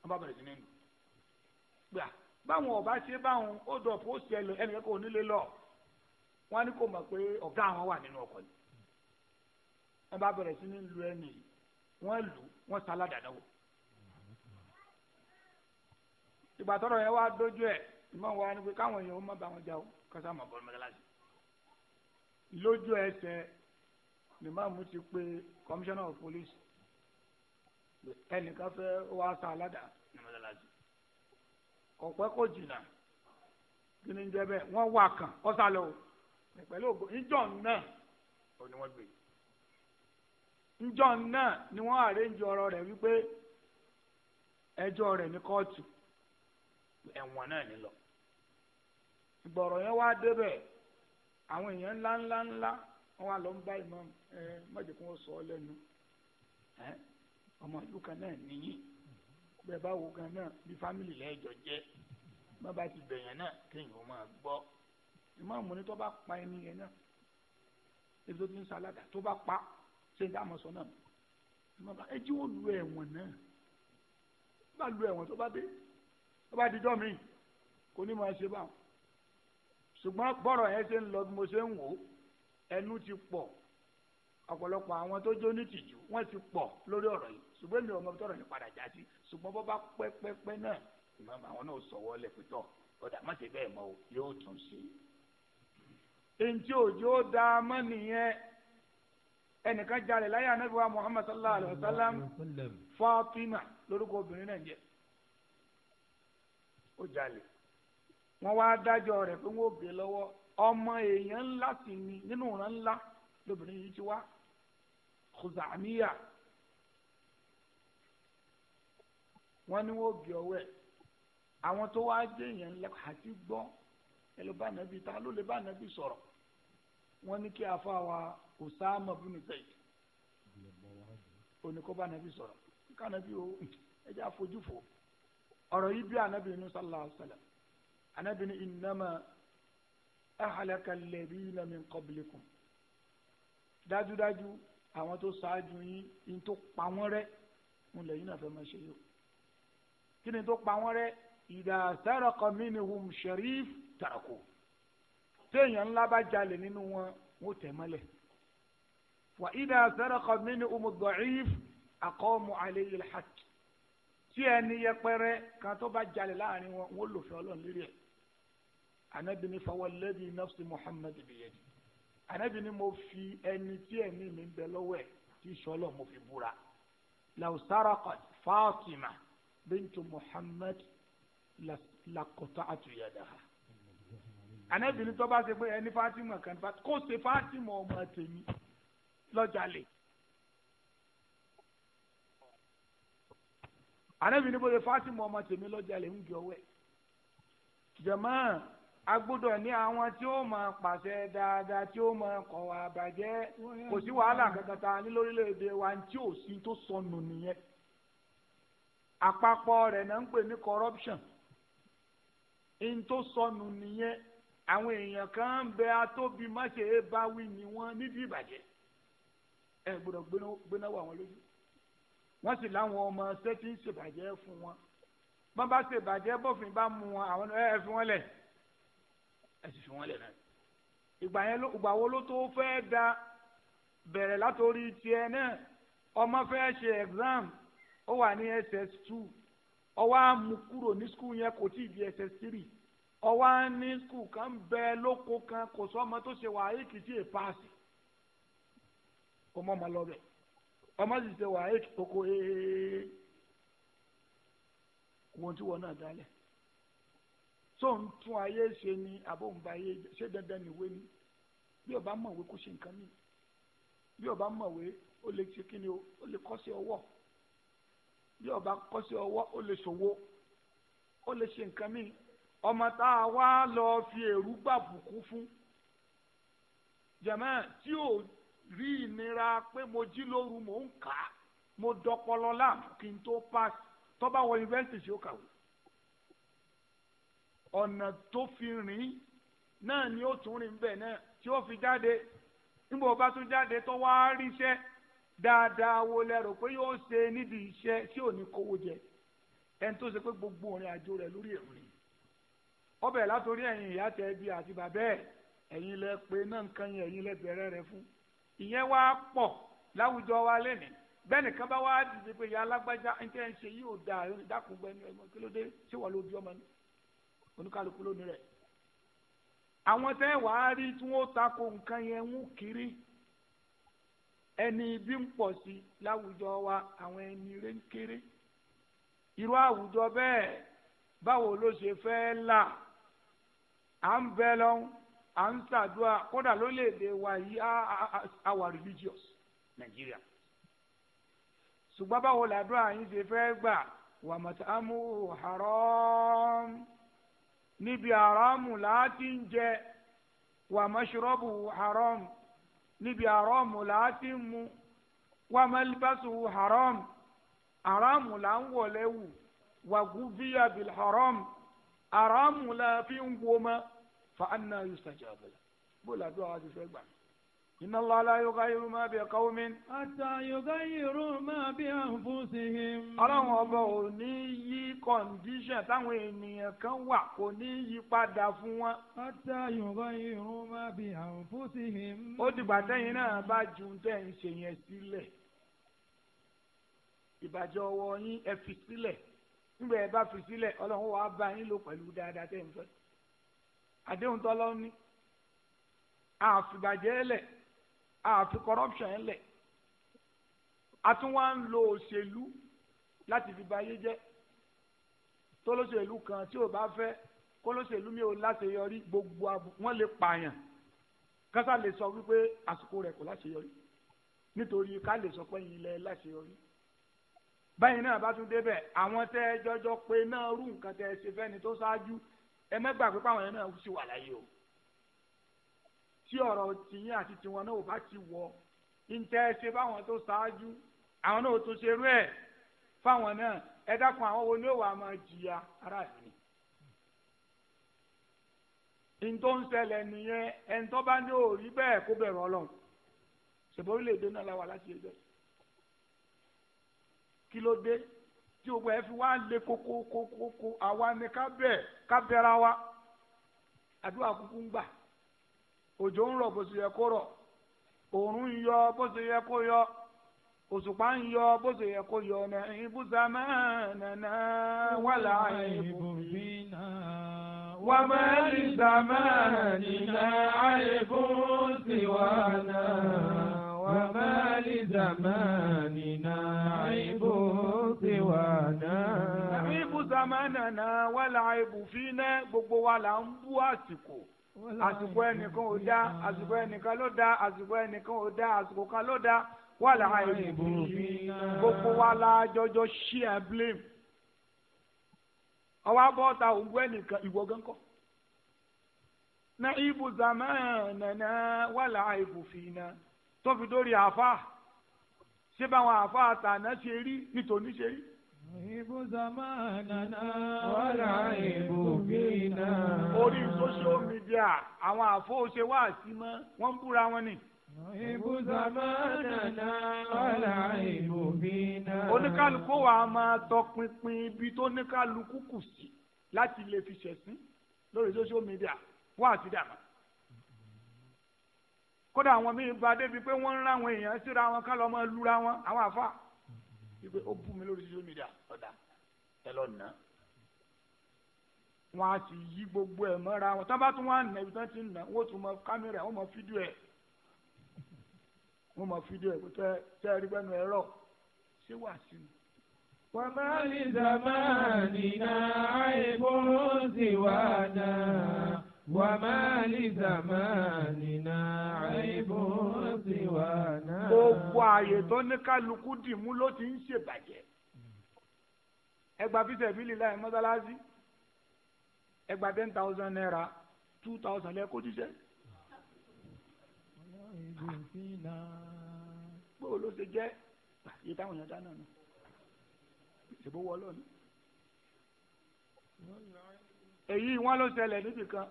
B: wọn bá bẹ̀rẹ̀ sí ní lù gbà báwọn ọba ṣe báwọn ó dọ̀ fún oṣù ẹlò ẹnì kẹ́kọ̀ọ́ nílé lọ wọn ní kò mọ̀ pé ọ̀gá àwọn wà nínú ọkọ̀ yìí wọn bá bẹ̀rẹ̀ sí ní lu ẹnì wọn lù wọn sáládàdáwò ìgbà tọrọ yẹn wá dójú ẹ ìmọ̀ wa ni pé káwọn èèyàn má bá wọn jà ó kásá mọ̀ bọ́ọ̀lù mẹ́tẹ́láṣí lójú ẹsẹ̀ ni máàmù ti pé commissioner of police ẹnìkan fẹ́ wá sá kò jìnnà kí ni wà o pẹ̀lú ògbó ìjọ náà njọ ìjọ náà ni wọ́n ọrọ rẹ wípé ẹjọ rẹ ní kóòtù ẹ̀wọ̀n náà nílọ yẹn wá àwọn èèyàn lọ ń bá ẹ ọmọ ìlú kan náà nìyí bẹ́ẹ̀ bá wo kan náà bí fámìlì lẹ́ẹ̀jọ jẹ́ bá bá ti bẹ̀yàn náà kéèyàn ó máa gbọ́ ìmáàmù ni tó bá pa ẹni yẹn náà ebi tó ti ń salada tó bá pa ṣe ń dá àmọ́ sọ náà ìmáàmù ẹ jí wọ́n lu ẹ̀wọ̀n náà bá lu ẹ̀wọ̀n tó bá dé tó bá dijọ́ mi kò ní máa ṣe báwọn ṣùgbọ́n bọ́rọ̀ yẹn ṣe ń lọ bí mo ṣe ń wò ó ẹnu ti pọ̀ ọ̀pọ̀lọpọ̀ àwọn tó jó ní tìjú ti pọ̀ lórí ọ̀rọ̀ yìí ṣùgbọ́n mi ò mọ tọrọ ní padà já sí ṣùgbọ́n bọ́ bá pẹ́pẹ́pẹ́ náà ìmọ̀mọ́ àwọn náà sọ wọlé pẹ̀tọ́ ọ̀dà má ṣe bẹ́ẹ̀ mọ́ o yóò tún ṣe. eŋti òjò da mọ́ nìyẹn ẹnìkan jalè láyé anabi muhammad sallallahu alayhi wa sallam fatima lórúkọ obìnrin náà jẹ ó jalè wọn wá dájọ́ rẹ̀ pé wọn ò gbé lọ́wọ́ ọmọ èèyàn ńlá sì ni nínú ìran ńlá lóbìnrin yìí ti wá kùsàmíyà wọ́n ní wọ́n bí ọwọ́ ẹ̀ àwọn tó wá dé yẹn ńlẹ́ àti gbọ́ ẹ ló bá nàbí ta ló lè bá nàbí sọ̀rọ̀ wọ́n ní kí afa wa Usama bin Zayd òní kó bá nàbí sọ̀rọ̀ ká nàbí o ẹ jẹ́ àfojúfò ọ̀rọ̀ yìí bí anabi inú sallallahu alayhi anabi ni innama ahlaka alladhina min qablikum dájúdájú àwọn tó ṣáájú yín ní tó pa wọ́n rẹ́ ń lẹ́yìn náà fẹ́ máa ṣe yìí kí ni tó pa wọ́n rẹ́ idha saraqa minhum sharif taraku téèyàn ńlá bá jalè nínú wọn wọ́n tẹ̀ mọ́lẹ̀ wa idha saraqa minhum ad-da'if aqamu alayhi al-hadd tí ẹni yẹpẹrẹ kan tó bá jalè láàrin wọn wọ́n lò fẹ́ ọlọ́run lérí ẹ̀ anabi ni fawalladhi nafsi muhammad biyadi anabi ni mo fi ẹni tí ẹni mi bẹ lọ́wọ́ ẹ̀ tí sọlọ mo fi búra law fatima bintu muhammad lakota'atu yadaha anabini tó bá ṣe pé ẹni fatima kan kó ṣe fatima ọmọ tèmi lọ́jàlè anabini bó ṣe fatima ọmọ tèmi lọ́jàlè ń jọ wẹ̀ jẹ̀mọ́ agbọ́dọ̀ ní àwọn tí ó máa pàṣẹ dáadáa tí ó máa kọ̀ wá bàjẹ́ kò sí wàhálà kankan ta ní lórílẹ̀‐èdè wa tí ò sí tó sọnù nìyẹn àpapọ̀ rẹ̀ náà ń pè ní corruption in tó sọnù nìyẹn àwọn èèyàn kan ń bẹ atóbi máṣe é bá wí ni wọ́n níbi ìbàjẹ́ ẹ gbọ́dọ̀ gbéná wà wọ́n lójú wọ́n sì láwọn ọmọ sẹ́tí ń ṣèbàjẹ́ fún wọn bọ́n bá ṣèbàjẹ́ bófin bá mú wọn àwọn ẹ fi wọ́n lẹ̀ ẹ sì fi wọ́n lẹ̀ náà ìgbà yẹn ló ìgbà wo ló tó fẹ́ da bẹ̀rẹ̀ látòrí tiẹ̀ náà ọmọ fẹ́ ṣe exam ó wà ní ss two ó wá mú kúrò ní skul yẹn kò tíì di ss three ó wá ní skul kan bẹ lóko kan kò sọmọ tó ṣe wàhálì kì í ṣe paasi kò mọ ọmọ lọbẹ ọmọ sì ṣe wàhálì kì í kókó ee wọn tí wọn náà dálẹ tó ń tún ayé ṣe ni àbóǹba ayé ṣé dandan nìwé ni bí o bá mọ̀wé kó ṣe nǹkan mi bí o bá mọ̀wé o lè ṣe kí ni o lè kọ́ sí ọwọ́ bí ọba kọ́ sí ọwọ́ ó lè ṣòwò ó lè ṣe nǹkan míì ọmọ tá a wá lọ fi èrú gbàbùkún fún jẹ̀mọ́ tí ò rí ìnira pé mo jí lóru mò ń kà á mo dọpọlọ láàmú kí n tó pass tọ́ba wọ yunifásitì ṣe ó kàwé ọ̀nà tó fi rìn náà ni ó tún rìn bẹ́ẹ̀ náà tí ó fi jáde níbo bá tún jáde tó wá ríṣẹ́ dáadáa wo lẹ́rò pé yóò ṣe níbi iṣẹ́ tí ò ní kówó jẹ ẹni tó ṣe pé gbogbo òrìn àjò rẹ̀ lórí ìrìn ọbẹ̀ látòrí ẹ̀yin ìyá tẹ ẹbí àti bàbá ẹ̀ ẹ̀yin lẹ pé náà nǹkan yẹn ẹ̀yin lẹ bẹ̀rẹ̀ rẹ̀ fún ìyẹn wá pọ̀ láwùjọ wa lẹ́nìí bẹ́ẹ̀ nìkan bá wá dìde pé ìyá alágbájá ń tẹ́ ń ṣe yìí ò dáa dákùngbẹ́ ẹni ọmọ kí ló dé ṣé wà ló bí ọmọ ni oníkálukú lónìí rẹ̀ àwọn tẹ́ wàá rí tí wọ́n ta ko nǹkan yẹn ń kiri ẹni ibi ń pọ̀ sí láwùjọ wa àwọn ẹni rẹ ń kéré irú àwùjọ bẹ́ẹ̀ báwo ló ṣe fẹ́ là à ń bẹ lọ́hún à ń ṣàdúrà kódà lórílẹ̀‐èdè wa yìí àwa religious Nàìjíríà ṣùgbọ́n báwo làdúrà yín ṣe fẹ́ gbà wà mọ̀tàmú haram níbi haramu láti ń jẹ wà mọ̀ṣúrọ́bù haram. níbi àrọ́ọ̀mù là á ti ń mu wà mẹ́líbàṣù haram haramu là ń wọ̀ lẹ́wù wà gúfíyà bil haram haramu là fi ń wo mọ́ fa anna yustajabu bó làdúrà wa fẹ́ gbà إن الله لا يغير ما بقوم حتى يغيروا ما بأنفسهم. ọlọ́run ọba ò ní yí kọ́ndíṣàn táwọn ènìyàn kan wà kò ní yí padà fún wọn. حتى يغيروا ما بأنفسهم. ó dìgbà tẹ́yìn náà bá ju tẹ́yìn ṣe yẹn sílẹ̀ ìbàjẹ́ ọwọ́ yín ẹ fi sílẹ̀ nígbà ẹ bá fi sílẹ̀ ọlọ́run wàá bá yín lò pẹ̀lú dáadáa tẹ́yìn fẹ́. àdéhùn tọ́lọ́ ní àfìbàjẹ́ lẹ̀ àfi corruption ẹ̀ lẹ̀ a tún wá ń lo òṣèlú láti fi ba ayé jẹ́ tólóṣèlú kan tí ò bá fẹ́ kólóṣèlú mi ò láṣeyọrí gbogbo wọn lè pààyàn kásá lè sọ wípé àsìkò rẹ̀ kò láṣeyọrí nítorí ká lè sọ pé yín lẹ láṣeyọrí báyìí náà bá tún débẹ̀ àwọn tẹ́ ẹ jọjọ pé náà rú nǹkan tẹ́ ẹ ṣe fẹ́ni tó ṣáájú ẹ mẹ́gbàgbé pàwọn yẹn náà sì wà láyé o tí ọ̀rọ̀ tìyín àti tiwọn náà ò bá ti wọ̀ ntẹ́ ṣe báwọn tó ṣáájú àwọn náà ò tún ṣe irú ẹ̀ fáwọn náà ẹ dákun àwọn wo ni ó wà á máa jìyà ara ẹ̀ ni. tó ń ṣẹlẹ̀ nìyẹn ẹni tó bá ní òòrí bẹ́ẹ̀ kó bẹ̀rù ọlọ́run ṣùgbọ́n orílẹ̀-èdè náà la wà láti ẹgbẹ́ kí ló dé tí gbogbo ẹ fi wá lé kókókókó àwa ni ká bẹ̀ ká bẹ̀ra wa àdúrà kúkú ń gbà òjò ń rọ̀ bó ṣe yẹ kó rọ̀ òòrùn ń yọ bó ṣe yẹ kó yọ òṣùpá ń yọ bó ṣe yẹ kó yọ ọ̀nà ìbúsà máa nàná wà láàyè
A: bòbí wà máa lè sàmà nìyà àìbó sì wà náà. وما لزماننا عيب سوانا. عيب
B: زماننا والعيب فينا gbogbo wa là ń bú àsìkò àsìkò ẹnìkan ò dá àsìkò ẹnìkan ló dá àsìkò ẹnìkan ò dá àsìkò kan ló dá wà láàyè gbogbo wa la jọjọ share blame ọwọ abọ́ta ògbó ẹnìkan ìwọ gánkọ́ na ibu zaman nana wà láàyè ìbòfin náà tó fi dórí àáfàá ṣé báwọn àáfàá tàná ṣe rí nítorí ṣe rí. Ìbú zamanana. Wàlá ìbú bínà. Orí social media àwọn àfọwọ́ṣe wá sí mọ́, wọ́n ń búra wọn ni. Ìbú zamanana. Wàlá ìbú
C: bínà. Oníkálukú
B: wa máa tọpinpin ibi tó níkálukú kù sí láti lè fi ṣẹ̀sín lórí social media wá sí dàmà. Kódà àwọn míì bá débi pé wọ́n ń ráwọn èèyàn síra wọn ká lọ́ọ́ máa lura wọn àwọn àfa wípé ó bú mi lórí social media ọ̀dà ẹ lọ nà wọn a sì yí gbogbo ẹ mọ́ra wọn tá tún wọn nà ibi tán ti nà wọn tún mọ kámẹ́rà wọn mọ fídíò ẹ wọn mọ fídíò ẹ kò tẹ ẹ rí pẹ́ẹ́nu ẹ rọ ṣé wàá sí mi. وما لزماننا
A: عيب سوانا wàmà lìzàmà
B: nìna àìbò tiwana. gbogbo ààyè tó ní kálukú dìmú ló ti ń ṣèbàjẹ́. ẹgbà fífẹ́ bílí láì mọ́sálásí ẹgbà ten thousand naira two thousand lẹ́kọ́ jíṣẹ́. gbogbo ló ṣe jẹ́ iye táwọn èèyàn dáná nù ìṣèbówọ́ ọlọ́ọ̀ni. èyí wọn ló ṣẹlẹ̀ níbìkan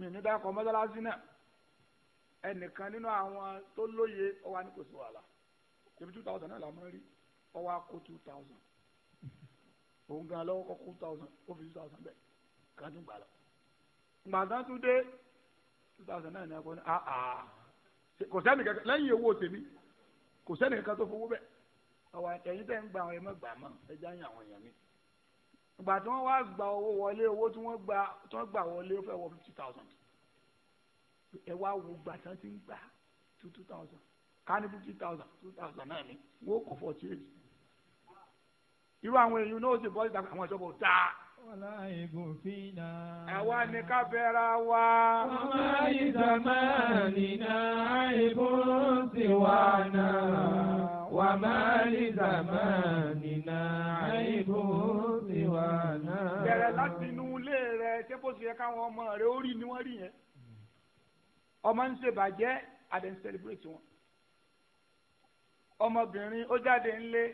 B: mi ò ní dákọ̀ mọ́sálásí náà ẹnìkan nínú àwọn tó lóye ọwọ́ àni kò sí wàhálà ebi two thousand náà la máa rí ọwọ́ àkó two thousand òun gan lọ́wọ́ kọ́ two thousand ó fi two thousand bẹ́ẹ̀ ká tún gbà lọ. gbàgbọ́n tún dé two thousand náà ní ẹ̀kọ́ ní àà kò sẹ́ni kankan lẹ́yìn owó tèmi kò sẹ́ni kankan tó fowó bẹ́ẹ̀ ọwọ́ ẹ̀yin tẹ́ ń gba àwọn ẹ̀mẹ́gbàmọ́ ẹ̀jẹ̀ àyàn àwọn èèyàn mi ìgbà tí wọ́n wá gba owó wọlé owó tí wọ́n gba tí wọ́n gbà wọlé ó fẹ́ wọ fifty thousand ẹ wá wo gbà tí wọ́n ti ń gbà two two thousand ká fifty thousand two thousand náà ni wọ́n kọ̀ fọ́ tí èyí irú àwọn èèyàn náà ó sì bọ́ síta àwọn ìjọba ò dáa. Ọlá ìgùn fínà. Àwa ni ká bẹ̀rẹ̀ wa. Ọmọ ìsàmá nìna ìbùn sí wa náà. Wàmá
A: ìsàmá nìna ìbùn wà náà. bẹ̀rẹ̀ láti
B: inú ilé rẹ̀ ṣé bó ṣe yẹ káwọn ọmọ rẹ̀ ó rí ni wọ́n rí yẹn ọmọ ń ṣèbàjẹ́ àdé ń celebrate wọn ọmọbìnrin ó jáde ńlé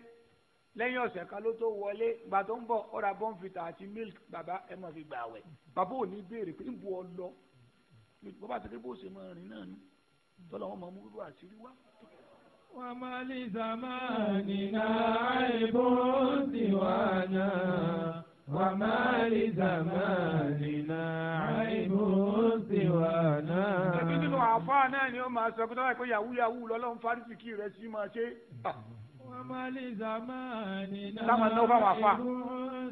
B: lẹ́yìn ọ̀sẹ̀ kan ló tó wọlé gbà tó ń bọ̀ ó ra bọ́ǹfìtà àti mílk bàbá ẹ mọ̀ fi gbà wẹ̀ bàbá ò ní béèrè pé ń bu ọ lọ bàbá àti kébó ṣe máa rìn náà ni tọ́lọ́ wọn mọ̀ mú bíbọ̀ àṣírí wá
A: وما لزماننا عيب سوانا وما لزماننا عيب سوانا. ẹbí nínú
B: àáfàá náà ni ó máa sọ pé tọ́lá ìpè yahoo yahoo lọ́lọ́run fárísìkì rẹ̀ sí máa ṣe. وما لزماننا عيب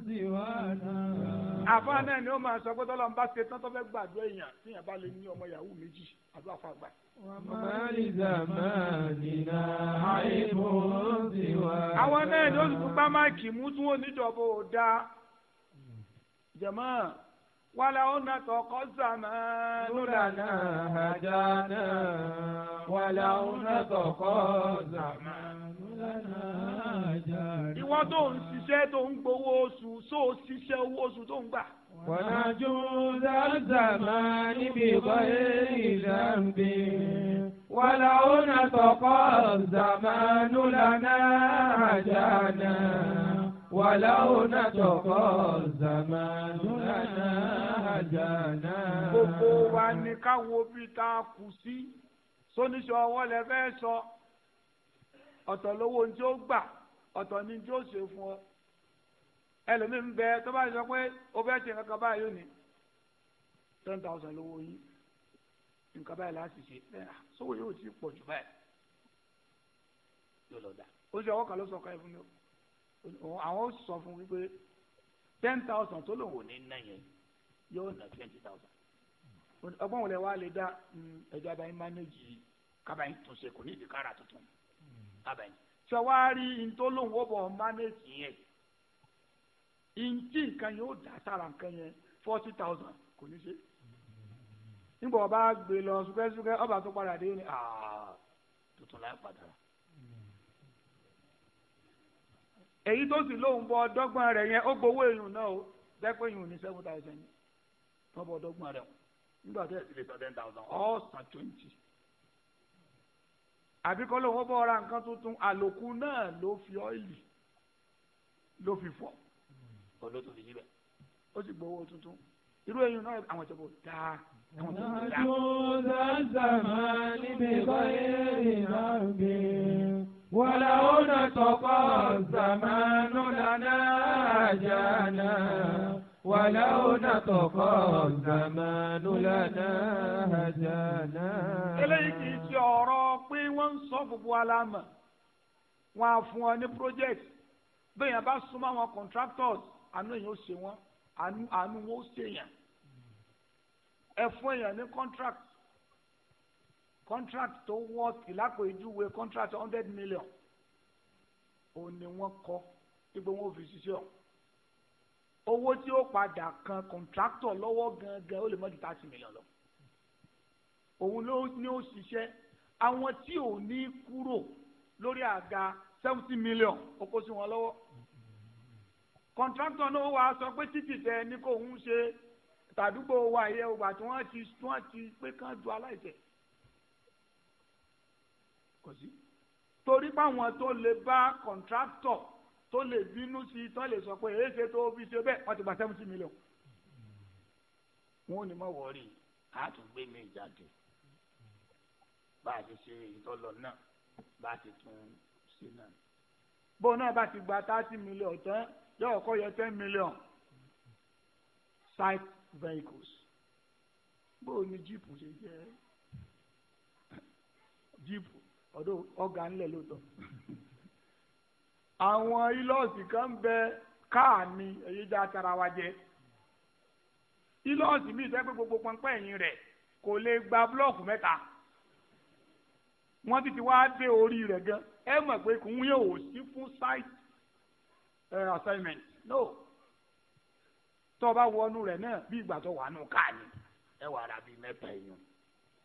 B: سوانا àfa náà ni ó máa sọ pé tọ́lọ́ ń bá ṣe tán tó fẹ́ gbàdúrà èèyàn tí èèyàn bá lè ní ọmọ yahoo méjì àdúrà fún àgbà.
A: àwọn náà ni ó ti tún bá
B: máàkì mú tún oníjọba ò dáa jẹ̀mọ́ wàlà ọ̀nà tọkọ sàmà lùlànà àjànà
A: wàlà ọ̀nà tọkọ sàmà
B: ìwọ tó ń ṣiṣẹ́ tó ń gbowó oṣù tó ń ṣiṣẹ́ owó oṣù tó ń gbà. wọnájú
A: dáńdàmá níbi ìkọ́ ìdàmbé wàlà ọ̀nà tọkọ zamanu lana àjànà wàlà ọ̀nà tọkọ zamanu
B: lana àjànà. gbogbo wa ni káwo bí ta kù sí sóníṣọ ọwọ́ lẹ fẹ́ sọ. So ọ̀tọ̀ lówó ní tí ó gbà ọ̀tọ̀ ní tí ó ṣe fún ọ ẹlòmíì ń bẹ tó bá sọ pé o fẹ́ ṣe nǹkan báyìí lónìí ten thousand lówó yín nǹkan báyìí láti ṣe bẹ́ẹ̀ sówó yóò ti pọ̀ jù báyìí yóò lọ dà ó ṣe ọwọ́ kan ló sọ ọkọ ẹ̀ fún mi àwọn ó sọ fún wípé ten thousand tó lòun ò ní ná yẹn yóò ná twenty thousand ọgbọ́n wọlé wa lè dá hmm, ẹjọ́ abayín mánéjì kábàáyín túnṣe kò ní ìdíkára tuntun abẹ́yìn tí wọ́n á rí ntọ́lóhùn ó bọ̀ mánéjì yẹn ìǹtí nǹkan yẹn ó dà sára nǹkan yẹn kò ní ṣe nígbà wọn bá gbé lọ ọba tó padà dé ní ah, tuntun láì padà èyí tó sì lóhùn bọ dọ́gbọ́n rẹ̀ yẹn ó gbowó èèyàn náà ó dẹ́pẹ́ èèyàn ní seven thousand rẹ̀ nígbà tó yẹ sí lè àbí kọ́ lóun ó bọ́ ra nǹkan tuntun àlòkù náà ló fi ọ́ìlì ló fi fọ́ olóòtú fi síbẹ̀ ó sì gbowó tuntun irú ẹyin náà àwọn ìjọba ò dáa. Àjùmọ̀ sàmà níbi báyìí náà
A: gbé. Wàlà ọ̀nà tọkọ sàmà nùlànà àjànà
B: pé wọ́n ń sọ gbogbo alámà wọn á fún ọ ní project bẹ́ẹ̀ yẹn bá súnmọ́ àwọn contractors àánú èèyàn ó ṣe wọ́n àánú wọn ó ṣèyàn ẹ fún èèyàn ní contract contract tó wọ́ ìlápèjúwe contract hundred million òun ni wọ́n kọ́ ipò wọn ò fi ṣiṣẹ́ ọ̀ owó tí ó padà kan contractor lọ́wọ́ gangan ó lè mọ́ di thirty million lọ òun ló ní ó ṣiṣẹ́ àwọn tí ò ní kúrò lórí àga seventy million ó kó sí wọn lọ́wọ́ kọ̀ǹtrátọ̀ náà wàá sọ pé títì tẹ ní kò ń ṣe tàdúgbò wa yẹ ògbà tí wọ́n ti wọ́n ti pé kán du aláìsẹ̀ kò sí torí báwọn tó lè bá kọ̀ǹtrátọ̀ tó lè bínú sí i tó lè sọ pé èyí ṣe tó fi ṣe bẹ́ẹ̀ wọ́n ti gba seventy million wọn ò ní mọ̀ wọ́ọ́rì àtúgbẹ́mí jáde bá a ti ṣe ìtọ́lọ náà bá a ti tún ṣe náà. bóun náà bá ti gba thirty million tán yóò kọ́ yọ ten million site vehicles bóun ni jíìpù ṣe jẹ́ jíìpù ọ̀dọ̀ ọ̀gá ńlẹ̀ lóòótọ́ àwọn ilọ́ọ̀sì kan bẹ káà ni èyí já tara wa jẹ ilọ́ọ̀sì mi ìtẹ́gbẹ́ gbogbo pọnpẹ́ ẹ̀yìn rẹ̀ kò lè gba búlọ́ọ̀kù mẹ́ta wọ́n ti ti wá dé orí rẹ̀ gan ẹ mọ̀ pé kò ń yẹ ò sí fún site assignment no tó o bá wọnú rẹ̀ náà bí ìgbà tó wà nù káà ni ẹ wà rà bíi mẹ́ta èèyàn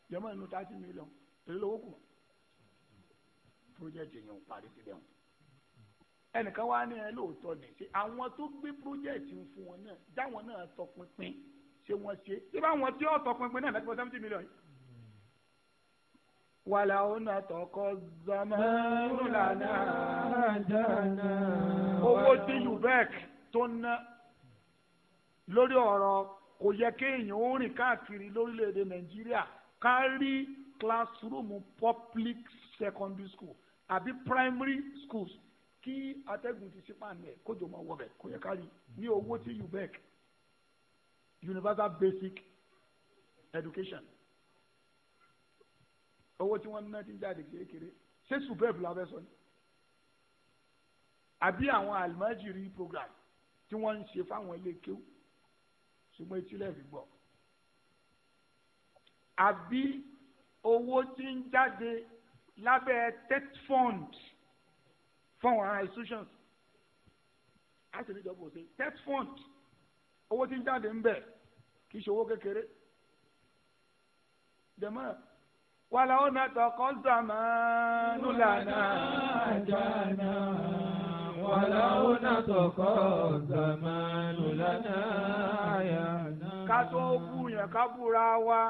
B: jọmọ inú thirty million èlé lówó kù project yẹn ò parí síbẹ̀ wọn ẹnìkan wá ní ẹ lóòótọ́ ní ṣe àwọn tó gbé project ń fún wọn náà dáwọn náà tọpinpin ṣé wọ́n ṣe ṣé báwọn tí ó tọpinpin náà lẹ́kọ̀ọ́ seventy million yìí ولو نطق الزمان لنا جانا owó tí ubec tó ń ná lórí ọ̀rọ̀ kò yẹ kéèyàn ó rìn káàkiri lórílẹ̀‐èdè nàìjíríà ká rí classroom public secondary school àbí primary schools kí atẹ́gùn ti sípàánù ẹ̀ kójò máa wọ̀ bẹ̀ kò yẹ ká rí ní owó tí ubec universal basic education owó tí wọ́n ná ti ń jáde kékeré ṣé superb la fẹ́ sọ ni àbí àwọn alimajiri program tí wọ́n ń ṣe fáwọn ilé kéwù ṣùgbọ́n etílẹ̀ fi gbọ́ àbí owó tí ń jáde lábẹ́ tech fund fáwọn àwọn institutions láti rí ìjọba òsè tech fund owó tí ń jáde ń bẹ kì í ṣe owó kékeré dẹ̀mọ́ ولو نتقل زمان لنا جانا ولو نتقل
A: زمان لنا عيانا
B: ká tó kú yẹn ká búra wa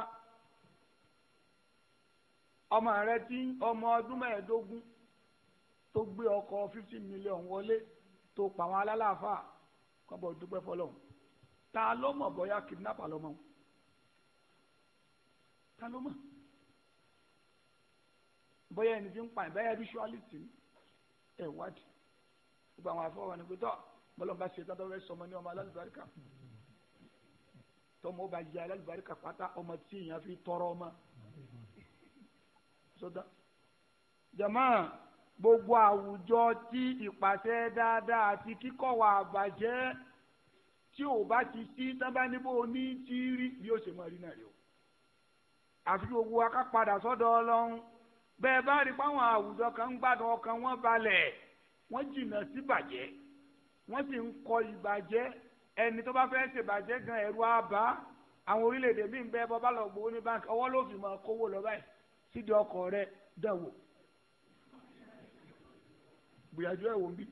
B: ọmọ rẹ tí ọmọ ọdún mẹ́ẹ̀ẹ́dógún tó gbé ọkọ̀ fifty million wọlé tó pa àwọn alálàáfà kọ́bọ̀ dúpẹ́ fọlọ́hún ta ló mọ̀ bóyá kidnapper lọ́mọ ta ló mọ̀ bóyá ẹni tí ń pa ìbáyà rituality ẹ wádìí gbogbo àwọn afọwọ́ ni pé tọ́ bọ́lọ́mọba ṣe tán tó fẹ́ sọmọ ní ọmọ alálùbáríkà tọmọ bá yẹ alálùbáríkà pátá ọmọ tí èèyàn fi tọrọ ọmọ sọdá jama gbogbo àwùjọ tí ìpàṣẹ dáadáa àti kíkọ̀ wà bàjẹ́ tí ò bá ti sí tábánibó ní tíírí bí ó ṣe máa rí náà rí o àfi gbogbo akápadà sọ́dọ̀ ọlọ́run bẹ́ẹ̀ bá rí páwọn àwùjọ kan ń gbádùn ọkàn wọn balẹ̀ wọ́n jìnnà sí bàjẹ́ wọ́n sì ń kọ ìbàjẹ́ ẹni tó bá fẹ́ ṣèbàjẹ́ gan ẹ̀rù àbá àwọn orílẹ̀-èdè míì ń bẹ bọ́ bá lọ gbowó ní báńkì ọwọ́ ló fi máa kówó lọ báyìí sídìí ọkọ̀ rẹ̀ dẹ̀wò gbìyànjú ẹ̀wò ń bí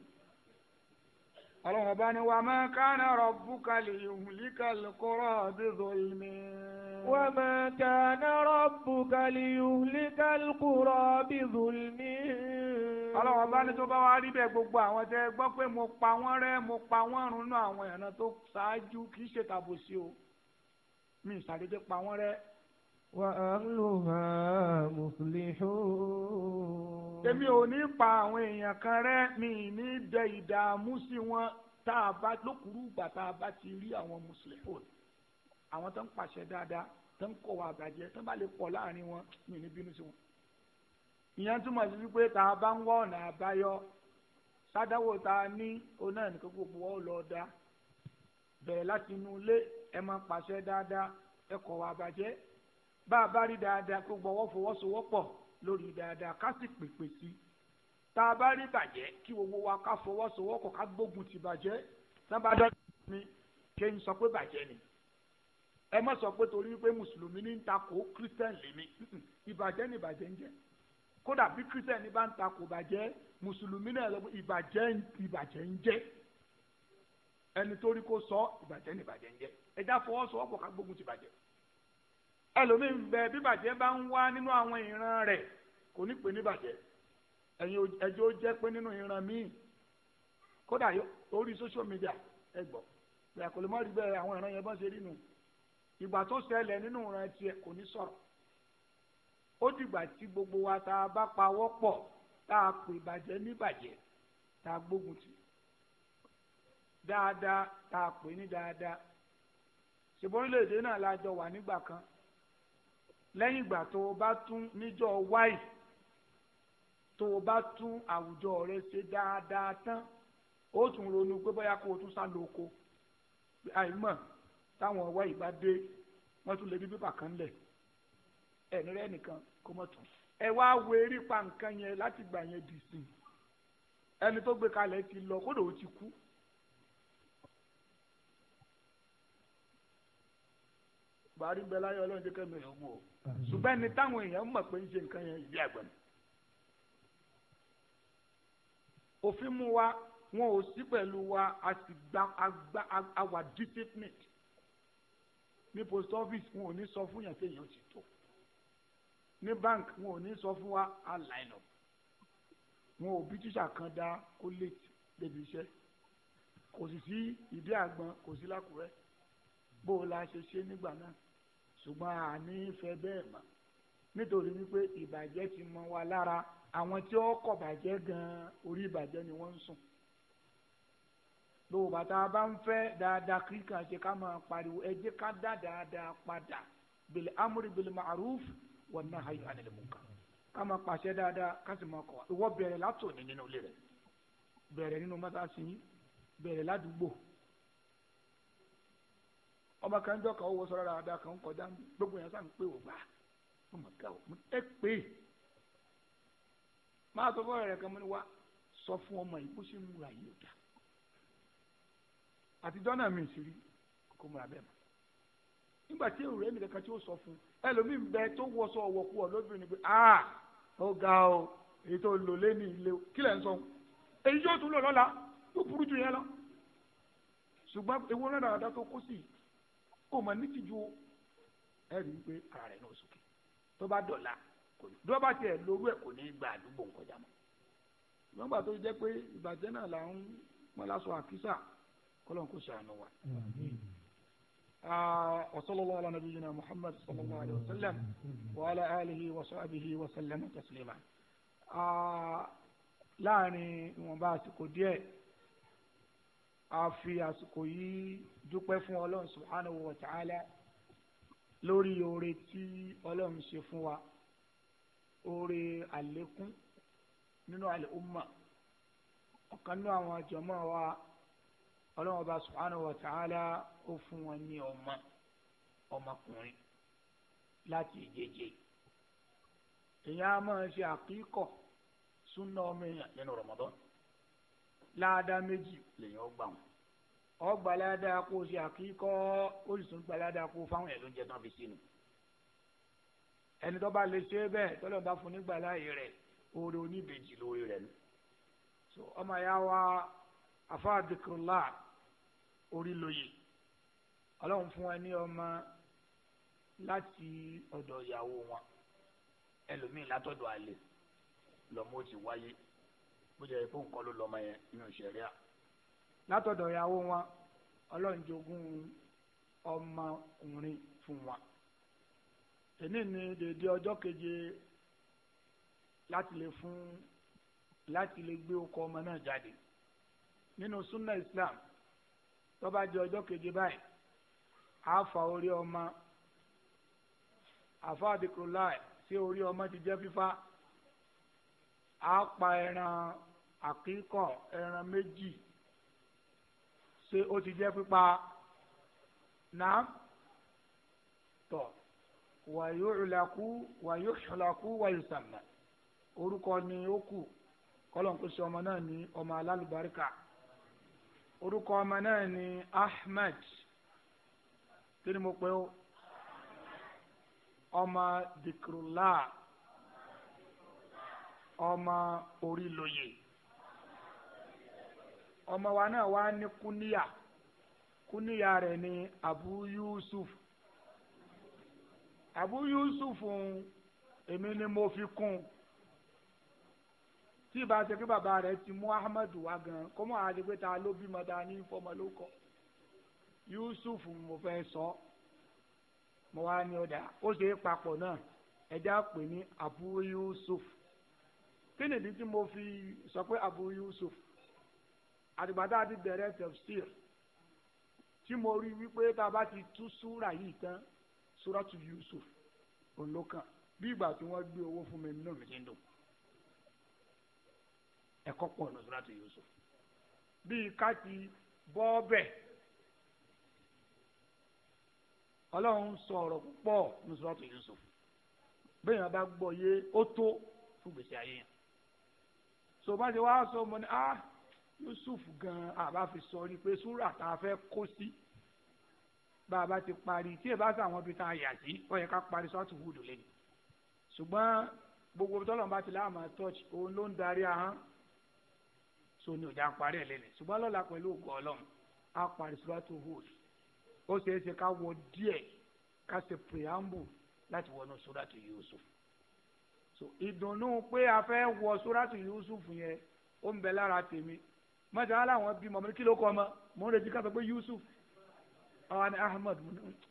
B: ọlọ́run ọba ni wàá máa kánà rọ̀bùkà lè yùhùlíkà lẹ́kọ́rọ́ àbẹ́zọ ìmí. wàá máa kánà rọ̀bùkà lè yùhùlíkà lẹ́kọ́rọ́ àbẹ́zọ ìmí. ọlọ́run ọba ni tó bá wá rí bẹ́ẹ̀ gbogbo àwọn tẹ́ gbọ́ pé mo pa wọ́n rẹ́ mo pa wọ́n run náà àwọn ìran tó ṣáájú kì í ṣètàbòsí o mi ìsàdédé pa wọ́n rẹ́ وأهلها مصلحون èmi ò ní pa àwọn èèyàn kan rẹ́ mi ní dẹ ìdààmú sí wọn tá a bá lókùrú ìgbà tá a bá ti rí àwọn mùsùlùmí àwọn tó ń pàṣẹ dáadáa tó ń kọ̀ wá àbàjẹ́ tó bá lè pọ̀ láàrin wọn mi ní bínú sí wọn. ìyẹn túmọ̀ sí wípé tá a bá ń wá ọ̀nà àbáyọ sádáwò tá a ní oná ẹnìkan gbogbo wọn lọ dá bẹ̀rẹ̀ láti inú ilé ẹ máa pàṣẹ dáadáa ẹ kọ̀ wá bá a bá rí dáadáa kó gbọ́wọ́ fọwọ́sowọ́pọ̀ lórí dáadáa ká sì pèpè sí tá a bá rí bàjẹ́ kí owó wa ká fọwọ́sowọ́pọ̀ ká gbógun ti bàjẹ́ sábàdàn mi ṣe ń sọ pé bàjẹ́ ni ẹ má sọ pé torí pé mùsùlùmí ní ń takò kírísítẹ́n lèmi ìbàjẹ́ ni ìbàjẹ́ ń jẹ́ kódà bí kírísítẹ́n ní bá ń takò bàjẹ́ mùsùlùmí náà lọ ìbàjẹ́ ìbàjẹ́ ń jẹ́ ẹni torí kó sọ ìbàjẹ́ ni ìbàjẹ́ ń jẹ́ ẹ já fọwọ́sowọ́pọ̀ ká gbógun ti bàjẹ́ ẹlòmíì ń bẹ bíbàjẹ́ bá ń wá nínú àwọn ìran rẹ̀ kò ní pè níbàjẹ́ ẹ̀yin ẹjọ́ ó jẹ́ pé nínú ìran míì kódà orí social media ẹ gbọ́ bẹ́ẹ̀ kò lè má rí bẹ́ẹ̀ àwọn ìran yẹn bá ṣe rí nù ìgbà tó ṣẹlẹ̀ nínú ìran tiẹ̀ kò ní sọ̀rọ̀ ó dìgbà tí gbogbo wa tá a bá pawọ́ pọ̀ tá a pè bàjẹ́ níbàjẹ́ tá a gbógun tì dáadáa tá a pè ní dáadáa ṣùgbọ́n orílẹ̀-èdè náà la jọ wà nígbà kan lẹ́yìn ìgbà tó o bá tún níjọ́ wáì tó o bá tún àwùjọ rẹ ṣe dáadáa tán ó tún ronú pé bóyá kó o tún sá lọ oko àìmọ̀ táwọn wáì bá dé wọ́n tún lè bí pépà kan lẹ̀ ẹ̀ní rẹ nìkan kó mọ̀ tán ẹ wá wo erí pa nǹkan yẹn láti gbà yẹn dì sí ẹni tó gbé kalẹ̀ ti lọ kódò ó ti kú buhari bẹ láyé ọlọ́run jẹ́ kẹ́mi rẹ̀ wò ó ṣùgbọ́n ẹni táwọn èèyàn mọ̀ pé ń ṣe nǹkan yẹn ìdí àgbẹ̀ ni. òfin mú wa wọn ò sí pẹ̀lú wa a sì gba agba awa discipline ní post office wọn ò ní sọ fún yàn pé èèyàn ti tó ní bank wọn ò ní sọ fún wa a line up wọn ò bí tíṣà kan dá kó late débi iṣẹ́ kò sì sí ìdí àgbọn kò sí lákùrẹ́ bó o la ṣe ṣe nígbà náà ṣùgbọ́n àní fẹ́ bẹ́ẹ̀ mọ́ nítorí wípé ìbàjẹ́ ti mọ wa lára àwọn tí ó kọ̀ bàjẹ́ gan-an orí ìbàjẹ́ ni wọ́n ń sùn lóò bàtà bá ń fẹ́ dáadáa kíríkà ṣe ká máa pariwo ẹ jẹ́ ká dá dáadáa padà bil amri bil ma'ruf wan nahyi anil munkar ká máa pàṣẹ dáadáa ká sì máa kọ̀ ìwọ bẹ̀rẹ̀ látòní nínú ilé rẹ̀ bẹ̀rẹ̀ nínú mọ́tàsí bẹ̀rẹ̀ ládùúgbò ọmọ kan jọ kan ó wo sọ rárá adá kan kọjá gbogbo yẹn sáà ń pè wò gbà ọmọ ká o ẹ pè é máa sọ fún ọ̀rẹ́ kan mo ní wá sọ fún ọmọ yìí bó ṣe ń múra yìí ó dá àtijọ́ náà mi sì rí kókó múra bẹ́ẹ̀ mọ́ nígbà tí èrò rẹ̀ mi kankan tí ó sọ fún ẹlòmíín bẹ tó wọṣọ ọwọ́kú ọ lóbìnrin pé ah ó ga o èyí tó lò lé ní ilé o kí lẹ̀ ń sọ o èyí yóò tún lò lọ́la tó burú jù yẹn lọ ṣùgbọ́n ewu náà dáadáa tó kó sí i kò mọ̀ ní tìjú ẹ rí i pé ara rẹ̀ náà sókè tó bá dọ̀la kò ní dọ́ba tiẹ̀ lóru ẹ̀ kò ní gba àdúgbò nkọjá mọ́ ìwọ́n gbà tó jẹ́ pé ìbàjẹ́ náà là ń wọn lásọ àkísà kọ́lọ́n kò ṣàánú wa. وصلى الله على نبينا محمد صلى الله عليه وسلم وعلى آله وصحبه وسلم تسليما. láàrin ìwọ̀nba àsìkò díẹ̀ a fi àsìkò yìí dúpẹ́ fún ọlọ́run subhanahu wa ta'ala lórí oore tí ọlọ́run ṣe fún wa oore àlékún nínú al-umma ọ̀kan nínú àwọn jọmọ́ wa ọlọ́run ọba subhanahu wa ta'ala ó fún wọn ní ọmọ ọmọkùnrin láti ìjẹjẹ èèyàn á máa ṣe àkíkọ̀ súnà ọmọ èèyàn nínú Ramadan láàdá méjì lèyìn ọgbà wọn ọgbà láàdá kó o ṣe àkíkọ orísun gbà láàdá kó o fáwọn ẹ̀ ló ń jẹ tán fi sínú ẹni tó bá lè ṣe bẹ́ẹ̀ tọ́lọ́ bá fún nígbà láàyè rẹ̀ oore oníbejì lórí rẹ̀ nù so ọmọ ya wa afáàdìkúrúlá orí lóye ọlọ́run fún ẹ ní ọmọ láti ọ̀dọ̀ ìyàwó wọn ẹlòmíì látọ̀dọ̀ àlè lọ́mọ ti wáyé bó jẹ́ ìfún nǹkan ló lọ́mọ yẹn nínú ìṣẹ̀ríà. látọ̀dọ̀ ìyàwó wọn ọlọ́run jogún ọmọkùnrin fún wọn. èní ni dèdè ọjọ́ keje láti lè fún láti lè gbé ọkọ ọmọ náà jáde nínú sunna islam tó bá di ọjọ́ keje báyìí á fa orí ọmọ àfa àdìkúrò sí orí ọmọ ti jẹ́ fífa á pa ẹran àkíkọ ẹran méjì ṣé ó ti jẹ́ pípa náà tọ̀ wàyúhùlákú wàyúhùlákú wàyúsàmà orúkọ ni ó kù kọlọ́nkúṣe ọmọ náà ní ọmọ alálùbáríkà orúkọ ọmọ náà ní Ahmed kí ni mo pè ó ọmọ dìkrùláà ọmọ orílòyè ọmọ wa náà wá ní kúníyà kúníyà rẹ̀ ní abu yusuf abu yusuf èmi ni mo fi kún tí ìbá ṣe pé bàbá rẹ̀ ti mú ahmadu wá gan kó mọ̀ àti pé ta ló bímọ dání fọmọ ló yusuf mo fẹ́ sọ mo wá ní ọ̀dà ó ṣe é papọ̀ náà ẹja pè ní abu yusuf kí nìdí tí mo fi sọ pé Abu Yusuf àdìgbàdá ti bẹ̀rẹ̀ tafsir tí mo rí wípé tá a bá ti tú súra yìí tán súratu Yusuf òun ló kàn bí ìgbà tí wọ́n gbé owó fún mi nínú mi ti ń dùn ẹ̀kọ́ pọ̀ ní suratu Yusuf bíi ká ti bọ́ bẹ̀ ọlọ́run sọ̀rọ̀ púpọ̀ ní suratu Yusuf bẹ́ẹ̀ yẹn bá gbọ́ yé ó tó fún gbèsè ayé yẹn so bá ṣe wá sọ mo ní ah Yusuf gan àbá fi sọrí pé súrà tá a fẹ́ kó sí bá a bá ti parí tí èbá sàwọn ibi tá a yà sí ó yẹ ká parí sọ́ọ̀tù wúdù lẹ́nu ṣùgbọ́n gbogbo tọ́lọ̀ bá ti láàmà tọ́ọ̀ṣì òun ló ń darí ahọ́n so ní ọjà ń parí ẹ̀ lẹ́nu ṣùgbọ́n lọ́la pẹ̀lú ògùn ọlọ́run á parí sọ́ọ̀tù wúdù ó ṣeé ṣe ká wọ díẹ̀ ká ṣe preamble láti wọnú sọ́ọ̀tù Yusuf so ìdùnnú pé a fẹ́ wọ suratu yusuf yẹn ó ń bẹ lára tèmi mọ̀tà aláwọn bímọ mi kí ló kọ́ ọmọ mò ń retí ká sọ pé yusuf àwọn ni ahmed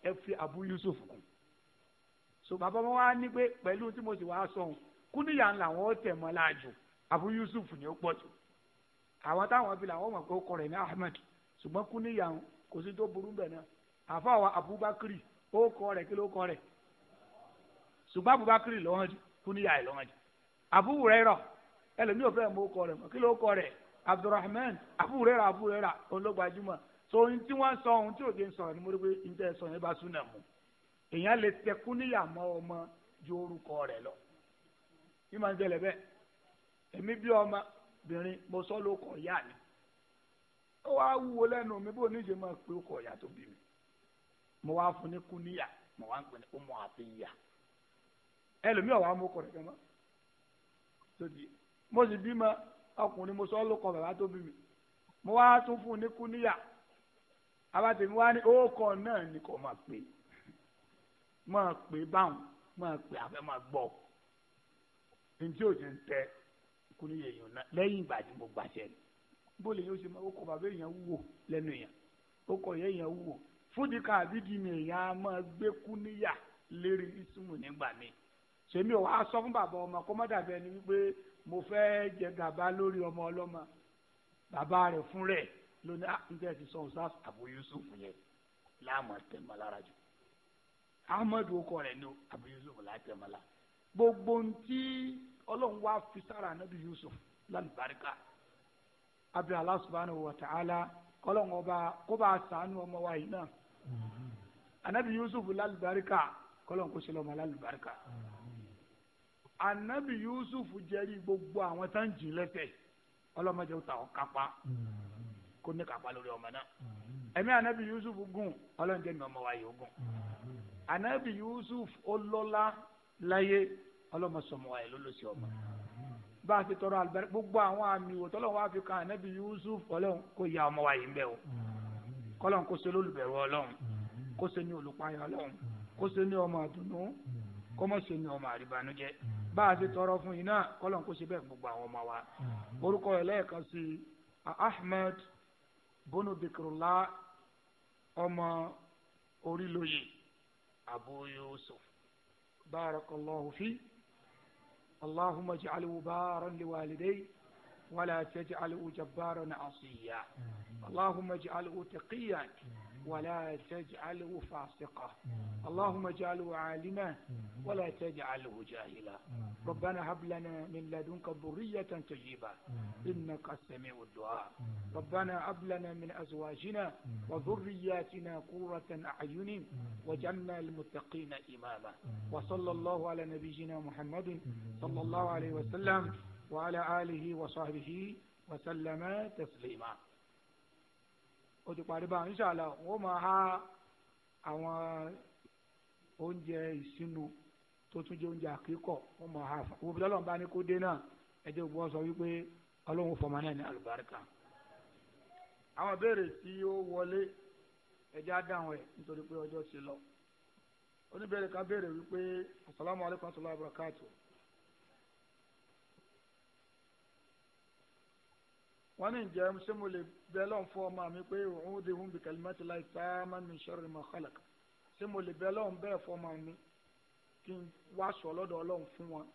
B: ẹ fi abu yusuf kù so bàbá wọn wá ní pé pẹ̀lú tí mo sì wá sọ̀hún kúníyà ńlá wọn tẹ̀ mọ́ láàjò abu yusuf ni ó pọ̀ jù àwọn táwọn fi làwọn mọ̀ pé ó kọ rẹ̀ ní ahmed ṣùgbọ́n kúníyà ń kò sí tó burú bẹ̀ náà àfọwọ́ abubakar ó Kuni ẹ̀ lọ́wọ́ jù Abu Hurairah ẹlòmí ò fẹ́ mọ ọkọ rẹ̀ mọ́ kí ló kọ rẹ̀ Abdurrahman Abu Hurairah Abu Hurairah juma, so ohun tí wọ́n sọ ohun tí òde ń sọ̀rọ̀ ni mo rí pé ń tẹ́ sọ yẹn bá súnà mu èèyàn lè tẹ kúníyà mọ́ ọmọ ju orúkọ rẹ̀ lọ bí máa ń tẹ̀lé bẹ́ẹ̀ èmi bí ọmọ bìnrin mo sọ ló kọ ìyá mi ó wá wúwo lẹ́nu mi bó oníṣe máa pe ó kọ ìyá tó bí mi mo wá fún ní kúníyà mo wá ń pè ní ó mọ àti ìyá a ọ̀wá mú kọ̀ rẹ̀ ma sódì mo sì ma ọkùnrin mo sọ lóko bàbá tó bí mi mo wá tún fún ní kúníyà abatèmi wá ní ókọ náà ni kò máa pè máa pè báwọn máa pè àfẹ́ máa gbọ́ ntí ò ti ń tẹ kúníyà èèyàn náà lẹ́yìn ìgbà tí mo gbàṣẹ ni bó lè yóò ṣe máa ókọ bàbá èèyàn ókọ èèyàn fúdìkà èèyàn máa gbé kúníyà lérí nígbà míì. sèmi ò wá sọ fún bàbá ọmọ kó má dàbí ẹni wípé mo fẹ́ jẹ gàba lórí ọmọ ọlọ́mọ bàbá rẹ̀ fún rẹ̀ lónìí àtúntẹ̀ ti sọ ọ̀sán àbò Yusuf yẹn láàmú tẹ̀mọ́lára jù Ahmadu okọ rẹ̀ ní àbò Yusuf látẹ̀mọ́lá gbogbo ntí ọlọ́run wá fi sára anabi Yusuf lálùbáríkà abi Allah subhanahu wa ta'ala ọlọ́run ọba kó bá a sànú ọmọ wa yìí náà anabi mm-hmm. Yusuf lálùbáríkà kọ́lọ́n kó sílẹ̀ ọmọ lálùbáríkà. Mm -hmm. anabi yusuf jẹ́rìí gbogbo àwọn tá ń jìn lẹ́sẹ̀ ọlọ́mọdé ó ta ọ kápá kó ní kápá lórí ọmọ náà ẹ̀mí anabi yusuf gùn ọlọ́njẹ́ ní ọmọ wa yìí ó gùn anabi yusuf ọlọ́lá láyé ọlọ́mọsọmọ wa yìí ló lọ sí ọmọ bá a ti tọrọ àlùbáríkà gbogbo àwọn àmì wò tọ́lọ́ wa fi kan anabi yusuf ọlọ́run kó ya ọmọ wa yìí ń bẹ̀ o kọ́lọ́n kó ṣe lólùbẹ̀rù ọlọ́run kó ṣe ní olùpayà ọlọ́run kó ṣe ní ọmọ àdùnnú kó má ní ọmọ àríbànújẹ́ bá a ṣe tọrọ fún yìí náà kọ́lọ̀ kó ṣe bẹ́ẹ̀ gbogbo àwọn ọmọ wa orúkọ ẹ̀ lẹ́ẹ̀kan sí ahmed bono bikrula ọmọ orílòyè abu yusuf barakallahu fi allahumma ja'alhu baran liwalidayhi wala taj'alhu jabbaran asiya allahumma ja'alhu taqiyan. ولا تجعله فاسقا اللهم اجعله عالما ولا تجعله جاهلا ربنا هب لنا من لدنك ذرية تجيبا إنك السميع الدعاء ربنا هب لنا من أزواجنا وذرياتنا قرة أعين وجعلنا المتقين إماما وصلى الله على نبينا محمد صلى الله عليه وسلم وعلى آله وصحبه وسلم تسليما ó ti parí báwọn inṣàlá wọn máa há àwọn oúnjẹ ìsinu tó tún jẹ oúnjẹ àkíkọ wọn máa há fún wọn lọ́lọ́run bá ní kó dé náà ẹjẹ gbọ́ sọ wípé ọlọ́run fọmọ náà ní àwọn tí ó lọ oníbẹ̀rẹ̀ kan béèrè wípé asalaamualeykum wa wọ́n ní ǹjẹ́ ṣé mo lè bẹ́ lọ́n fún ọmọ mi pé òun ti hun bìkẹ́lì mẹ́tì láì sáámà mi ṣọ́rọ̀ ìmọ̀ kọ́lẹ̀kà ṣé mo lè bẹ́ lọ́n bẹ́ẹ̀ fún ọmọ mi kí n wá sọ lọ́dọ̀ ọlọ́run fún wọn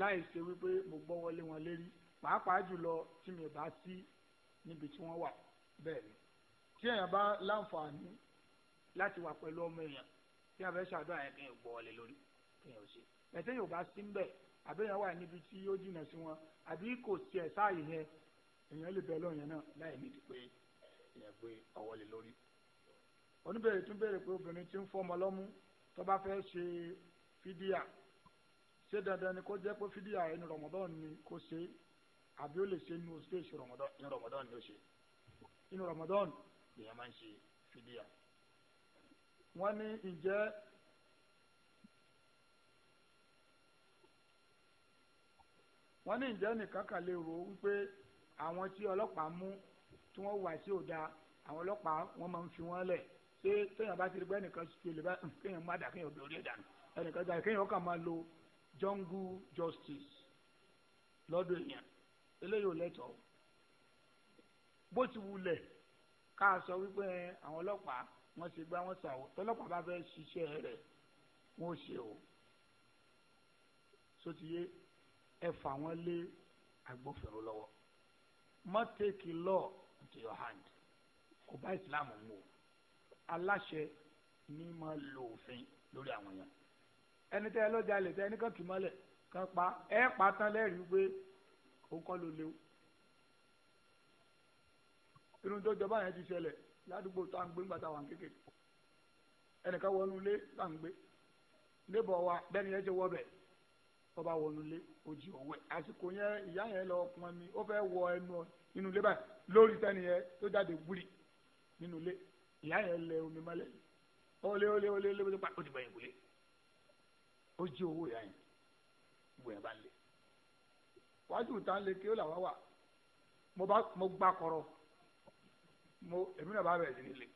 B: láì ṣe wípé mo gbọ́ wọlé wọn lérí pàápàá jùlọ tí mi bá sí níbi tí wọ́n wà bẹ́ẹ̀ ni tí èèyàn bá láǹfààní láti wà pẹ̀lú ọmọ èèyàn tí a fẹ́ ṣàdúrà yẹn kí èèyàn gbọ́ wọlé lórí kí èèyàn ṣe ẹ̀sẹ̀ yóò bá sí àbẹ́yẹn wà níbi tí ó jìnnà sí wọn àbí kò tiẹ̀ sáàyè yẹn èèyàn lè bẹ̀ lọ́rùn yẹn náà láì nídìí pé èèyàn gbé ọwọ́ lé lórí. oníbẹ̀rẹ̀ tún bẹ̀rẹ̀ pé obìnrin ti ń fọmọ lọ́mú tó bá fẹ́ ṣe fídíà ṣé dandan ni kó jẹ́ pé fídíà ẹni rọmọdán ni kó ṣe àbí ó lè ṣe inú stéèṣì rọmọdán ni ó ṣe inú rọmọdán lèèyàn máa ń ṣe fídíà. wọ́n ní ǹjẹ́ wọ́n ní ìjẹ́ nìkan kan lè rò wípé àwọn tí ọlọ́pàá mú tí wọ́n wà sí òda àwọn ọlọ́pàá wọ́n máa ń fi wọ́n lẹ̀ ṣé téèyàn bá ti rí pé ẹnìkan ṣùlè bá hmm, kéèyàn má dà kéèyàn dorí ẹ̀ dànù ẹnìkan dà kéèyàn kàn máa lo jungle justice lọ́dọ̀ èèyàn eléyìí ò lẹ́tọ̀ọ́ bó ti wulẹ̀ ká sọ wípé àwọn ọlọ́pàá wọ́n ṣe gbá wọ́n ṣàwọ̀ tọ́lọ́pàá bá fẹ́ ṣiṣẹ́ rẹ̀ wọ́n ò ṣe o sotiye ẹ fà wọ́n lé agbófinró lọ́wọ́ má take law into your hand kò bá islam mu o aláṣẹ ní lo òfin lórí àwọn yẹn ẹni tẹ́ ẹ lọ́jà lè ẹni kì pa ẹ pa tán lẹ́rìí pé ó kọ́ ló léwu irun tó jọba yẹn ti ṣẹlẹ̀ ládùúgbò tá à ń gbé ńgbà tá kékeré ẹnìkan wọnú wa bẹ́ẹ̀ ni ti tọ́ba wọnúlé ojì ọ̀wẹ́ àsìkò yẹn ìyá yẹn lọ pọn mi ó fẹ́ wọ ẹnu inú ilé báyìí lórí tẹ́ni yẹn tó jáde gbúri nínú ilé ìyá yẹn lẹ omi mọ́lẹ̀ ọ̀lẹ́ ọ̀lẹ́ ọ̀lẹ́ ọ̀lẹ́ ọ̀lẹ́ ó ti bọ̀ yẹn wọlé ojì owó ìyá yẹn gbogbo yẹn bá lé wájú ìta lè kí là wá wà mo bá mo gbá kọ̀rọ̀ mo èmi náà bá bẹ̀rẹ̀ sí ní lè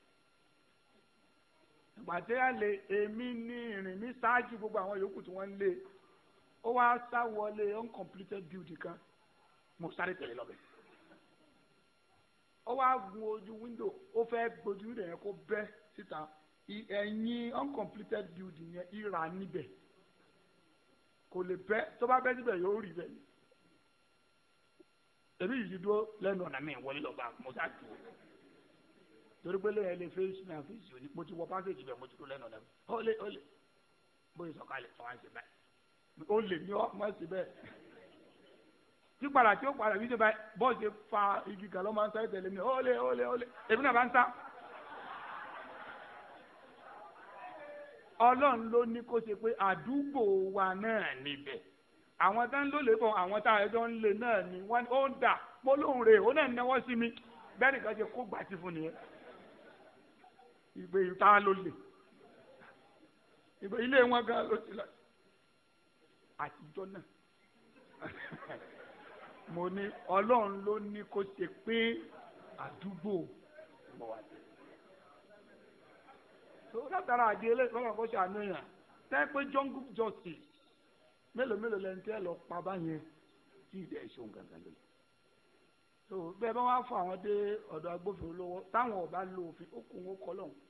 B: ìgbà tí a lè èmi ní ìrìn mi ṣáájú gbogbo àwọn yòókù tí wọ́n ń lé ó wá sá wọlé uncompleted build kan mo sáré tẹ̀lé lọ́bẹ̀ ó wá gun ojú window ó fẹ́ gbójú rẹ̀ kó bẹ́ síta ẹ̀yìn uncompleted build yẹn ìrà níbẹ̀ kò lè bẹ́ tó bá bẹ́ síbẹ̀ yóò rí bẹ́ẹ̀ ni èmi yìí dúró lẹ́nu ọ̀nà mi wọlé lọ́ba mo sá tu torí pé lẹ́yìn lè fẹ́ẹ́ sinmi àfẹ́sì òní mo ti wọ pásẹ̀jì bẹ́ẹ̀ mo ti dúró lẹ́nu ọ̀nà mi ó lé ó lé bóyá sọ̀kalẹ̀ ọ̀hún àti báyìí ó lè ní ọ má sí bẹ́ẹ̀ tí padà tí ó padà wíjọ bá bọ́ọ̀lù ṣe fa igi kan ló máa tẹ̀lé mi ó lé ó lé ó lé èmi náà bá ń sá. ọlọ́run ló ní kó ṣe pé àdúgbò wa náà níbẹ̀ àwọn tá ń lò lébọn àwọn tá àjọ ń lè náà ni wọ́n ó ń dà polóhùn rè ó náà náwó sí mi bẹ́ẹ̀ nìkan ṣe kó gbà sí fún nìyẹn ìgbé ìta ló lè ìgbé ilé wọn gan ló ti lọ àtijọ́ náà mo ní ọlọ́run ló ní kó ṣe pé àdúgbò mọ̀ wá sí. tó látara àdé lọ́wọ́ kó ṣàánú yàn tẹ́ pé jungle justice mélòó mélòó lẹ́ni tẹ́ lọ pa báyẹn tí ìdẹ́ ìṣòwò gangan lónìí. tó bẹ́ẹ̀ bá wá fún àwọn dé ọ̀dọ̀ agbófinró lọ́wọ́ táwọn ọba lo òfin ó kún ó kọ́ lọ́hùn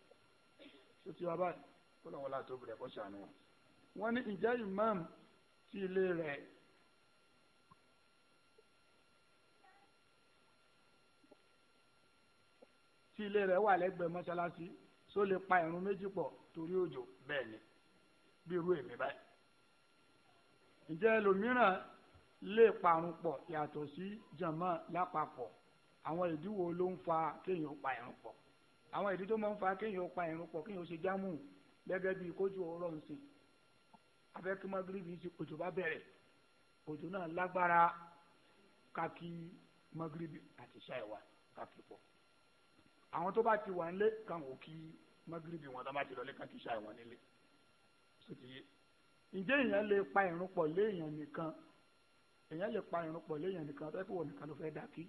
B: tó ti wá báyìí kó lọ́wọ́ láti bẹ̀rẹ̀ kó ṣàánú wọ́n ní ìjẹ́ ìmáàmù sí ilé rẹ̀. tí ilé rẹ̀ wà lẹ́gbẹ̀ẹ́ mọ́ṣáláṣí só lè pa ìrun méjì pọ̀ torí òjò bẹ́ẹ̀ ni bí irú èmi báyìí. ǹjẹ́ ẹlòmíràn lè parun pọ̀ yàtọ̀ sí jàmá lápapọ̀ àwọn ìdí wo ló ń fa kéèyàn pa ìrun pọ̀ àwọn ìdí tó máa ń fa kéèyàn pa ìrun pọ̀ kéèyàn ṣe jámù gẹ́gẹ́ bíi kójú ọ̀rọ̀ ń sìn abẹ́kí magrebi ń ṣe òjò bá bẹ̀rẹ̀ òjò náà lágbára kákí magrebi àti ṣáìwá kákí pọ̀ àwọn tó bá ti wà nílé káwọn ò kí magrebi wọn tó bá ti lọlé kákí ṣáìwá nílé sotiye ǹjẹ́ èèyàn lè pa ìrun pọ̀ léèyàn nìkan èèyàn lè pa ìrun pọ̀ léèyàn nìkan tó yẹ kó wọ nìkan ló fẹ́ dà kí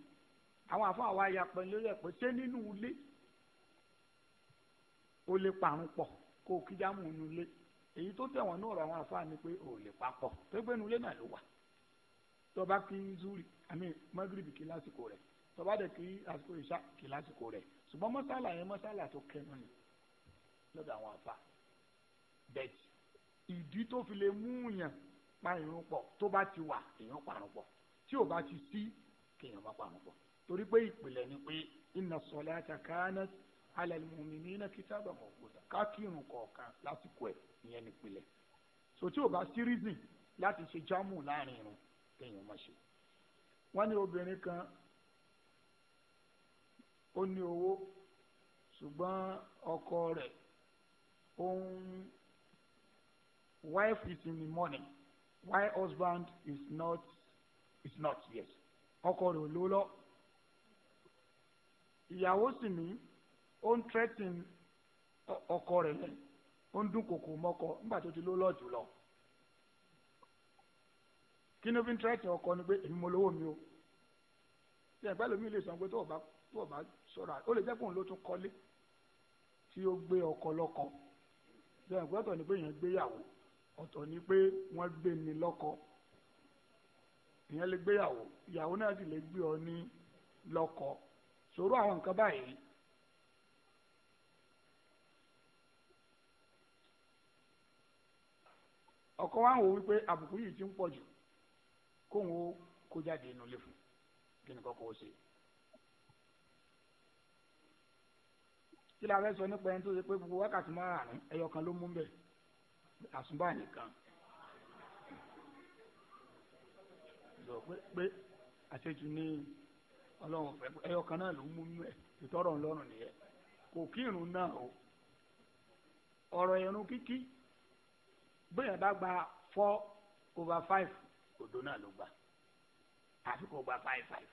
B: àwọn àfọwọ́ àwa ya pẹ̀lú lórí ẹ̀pẹ́ ṣé nínú ilé o lè pa ìrun pọ̀ kó o kíjà mú inú ilé èyí tó tẹ̀wọ̀n náà rọ àwọn àfáà ni pé ò lè papọ̀ tó gbẹ́nu ilé náà ló wà tó bá kí zuri àmì magrebi kí lásìkò rẹ̀ tó bá dẹ̀ kí àsìkò ìṣá kí lásìkò rẹ̀ ṣùgbọ́n mọ́sálà yẹn mọ́sálà tó kẹnu ni lọ́dọ̀ àwọn àfáà bẹ́ẹ̀ ìdí tó fi lè mú yàn pa ìrun pọ̀ tó bá ti wà èèyàn parun pọ̀ tí ò bá ti sí kéèyàn má parun pọ̀ torí pé ìpìlẹ̀ ni pé inna salata kanat ala al-mu'minina kitaban mawquta ká kírun kọ̀ọ̀kan lásìkò ẹ̀ ìyẹn nípìnlẹ̀ so tí o bá sí reason láti ṣe jámù láàrin irun kéèyàn má ṣe wọ́n ní obìnrin kan ó ní owó ṣùgbọ́n ọkọ rẹ̀ òun wife is in the morning why husband is not is not yet ọkọ rẹ̀ ò lówó lọ ìyàwó sì ní ó ń threaten ọkọ rẹ̀ lẹ́yìn ó ń dún kòkò mọ́kọ nígbà tó ti ló lọ́ọ̀ jù lọ kí ni ó fi ń tẹ́tì ọkọ ni pé èmi mo lówó mi o tí ẹ̀gbẹ́ lómi lè sọ pé tó o bá tó o bá ó lè jẹ́ kóun ló tún kọ́lé tí ó gbé ọkọ lọ́kọ tí ẹ̀gbẹ́ ọ̀tọ̀ ni pé èèyàn gbéyàwó ọ̀tọ̀ ni pé wọ́n gbé ni lọ́kọ èèyàn lè gbéyàwó ìyàwó náà sì lè gbé ọ ní lọ́kọ sọ̀rọ̀ àwọn nǹkan báyìí ọkọ ahụ ń wò wípé àbùkù yìí ti ń pọ̀ jù kóun ó ọkọwụsị. jáde inú ilé fún kí ni kọ́kọ́ ó ṣe. kí sọ nípa ẹni tó ṣe pé gbogbo wákàtí ẹyọ kan ló mú àsùnbà nìkan. lọ pé pé ní bóyá bá gba four over five òdo náà ló gbà àfi kò gba five five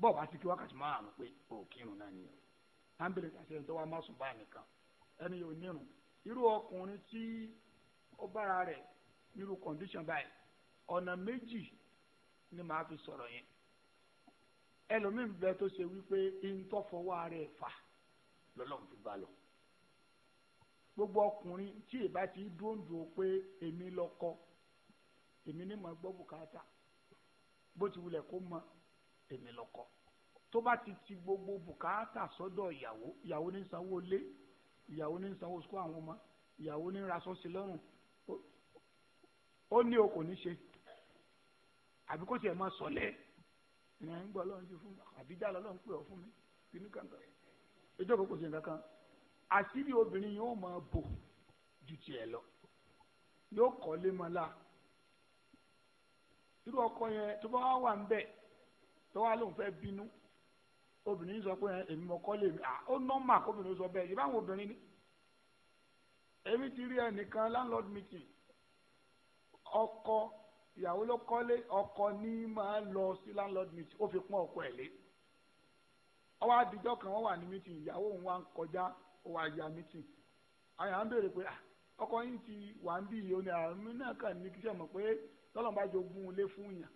B: bọ́ọ̀ bá ti kí wákàtí márùn-ún pé òkìrùn náà nìyẹn à ń bèrè kàṣẹ ní tó wá má sùn báyìí nìkan ẹni yóò nírun irú ọkùnrin tí ó bára rẹ̀ nírú condition báyìí ọ̀nà méjì ni màá fi sọ̀rọ̀ yẹn ẹlòmíín bẹ tó ṣe wípé ntọ́fọwọ́ rẹ̀ fà
C: lọ́lọ́run fi bá lọ
B: gbogbo ọkùnrin tí ìbá ti dúró ń dùn ó pé èmi lọ́kọ èmi ni mo gbọ́ bùkátà bó ti wulẹ̀ kó mọ èmi lọ́kọ tó bá ti ti gbogbo bùkátà sọ́dọ̀ ìyàwó ìyàwó ní sanwó ilé ìyàwó ní sanwó sukú àwọn ọmọ ìyàwó ní raṣọ sí lọ́rùn ó ní o kò ní ṣe àbí kó tiẹ̀ máa sọ̀lẹ̀ ìrìn àyìnbó ọlọ́run ti fún mi àbí dá lọ́lọ́run pè ọ́ fún mi kí ni kàńtà ìjọba kò sí nǹkan kan asiri obìnrin yóò máa bò ju tiẹ̀ lọ yóò kọ́lé ma la irú ọkọ yẹn tó bá wà ń bẹ̀ tó wà lóun fẹ́ bínú obìnrin sọ pé èmi mọ kọ́lé mi à ó nọ́mà kóbìnrin sọ bẹ́ẹ̀ yìí obìnrin ni èmi ti rí ẹnìkan landlord meeting ọkọ ìyàwó ló kọ́lé ọkọ ní máa lọ sí landlord meeting ó fi pọ́n ọkọ ẹ̀ lé ọwọ́ àdìjọ́ kan wọ́n wà meeting ìyàwó òun ń ó wá ya meeting àwọn yàrá ń béèrè pé ah, ọkọ yín ti wà ń bí iye oní àmì ah, náà kàn ní kíṣẹ́ mọ̀ pé tọ́lọ́n bá jogún ilé fún yàn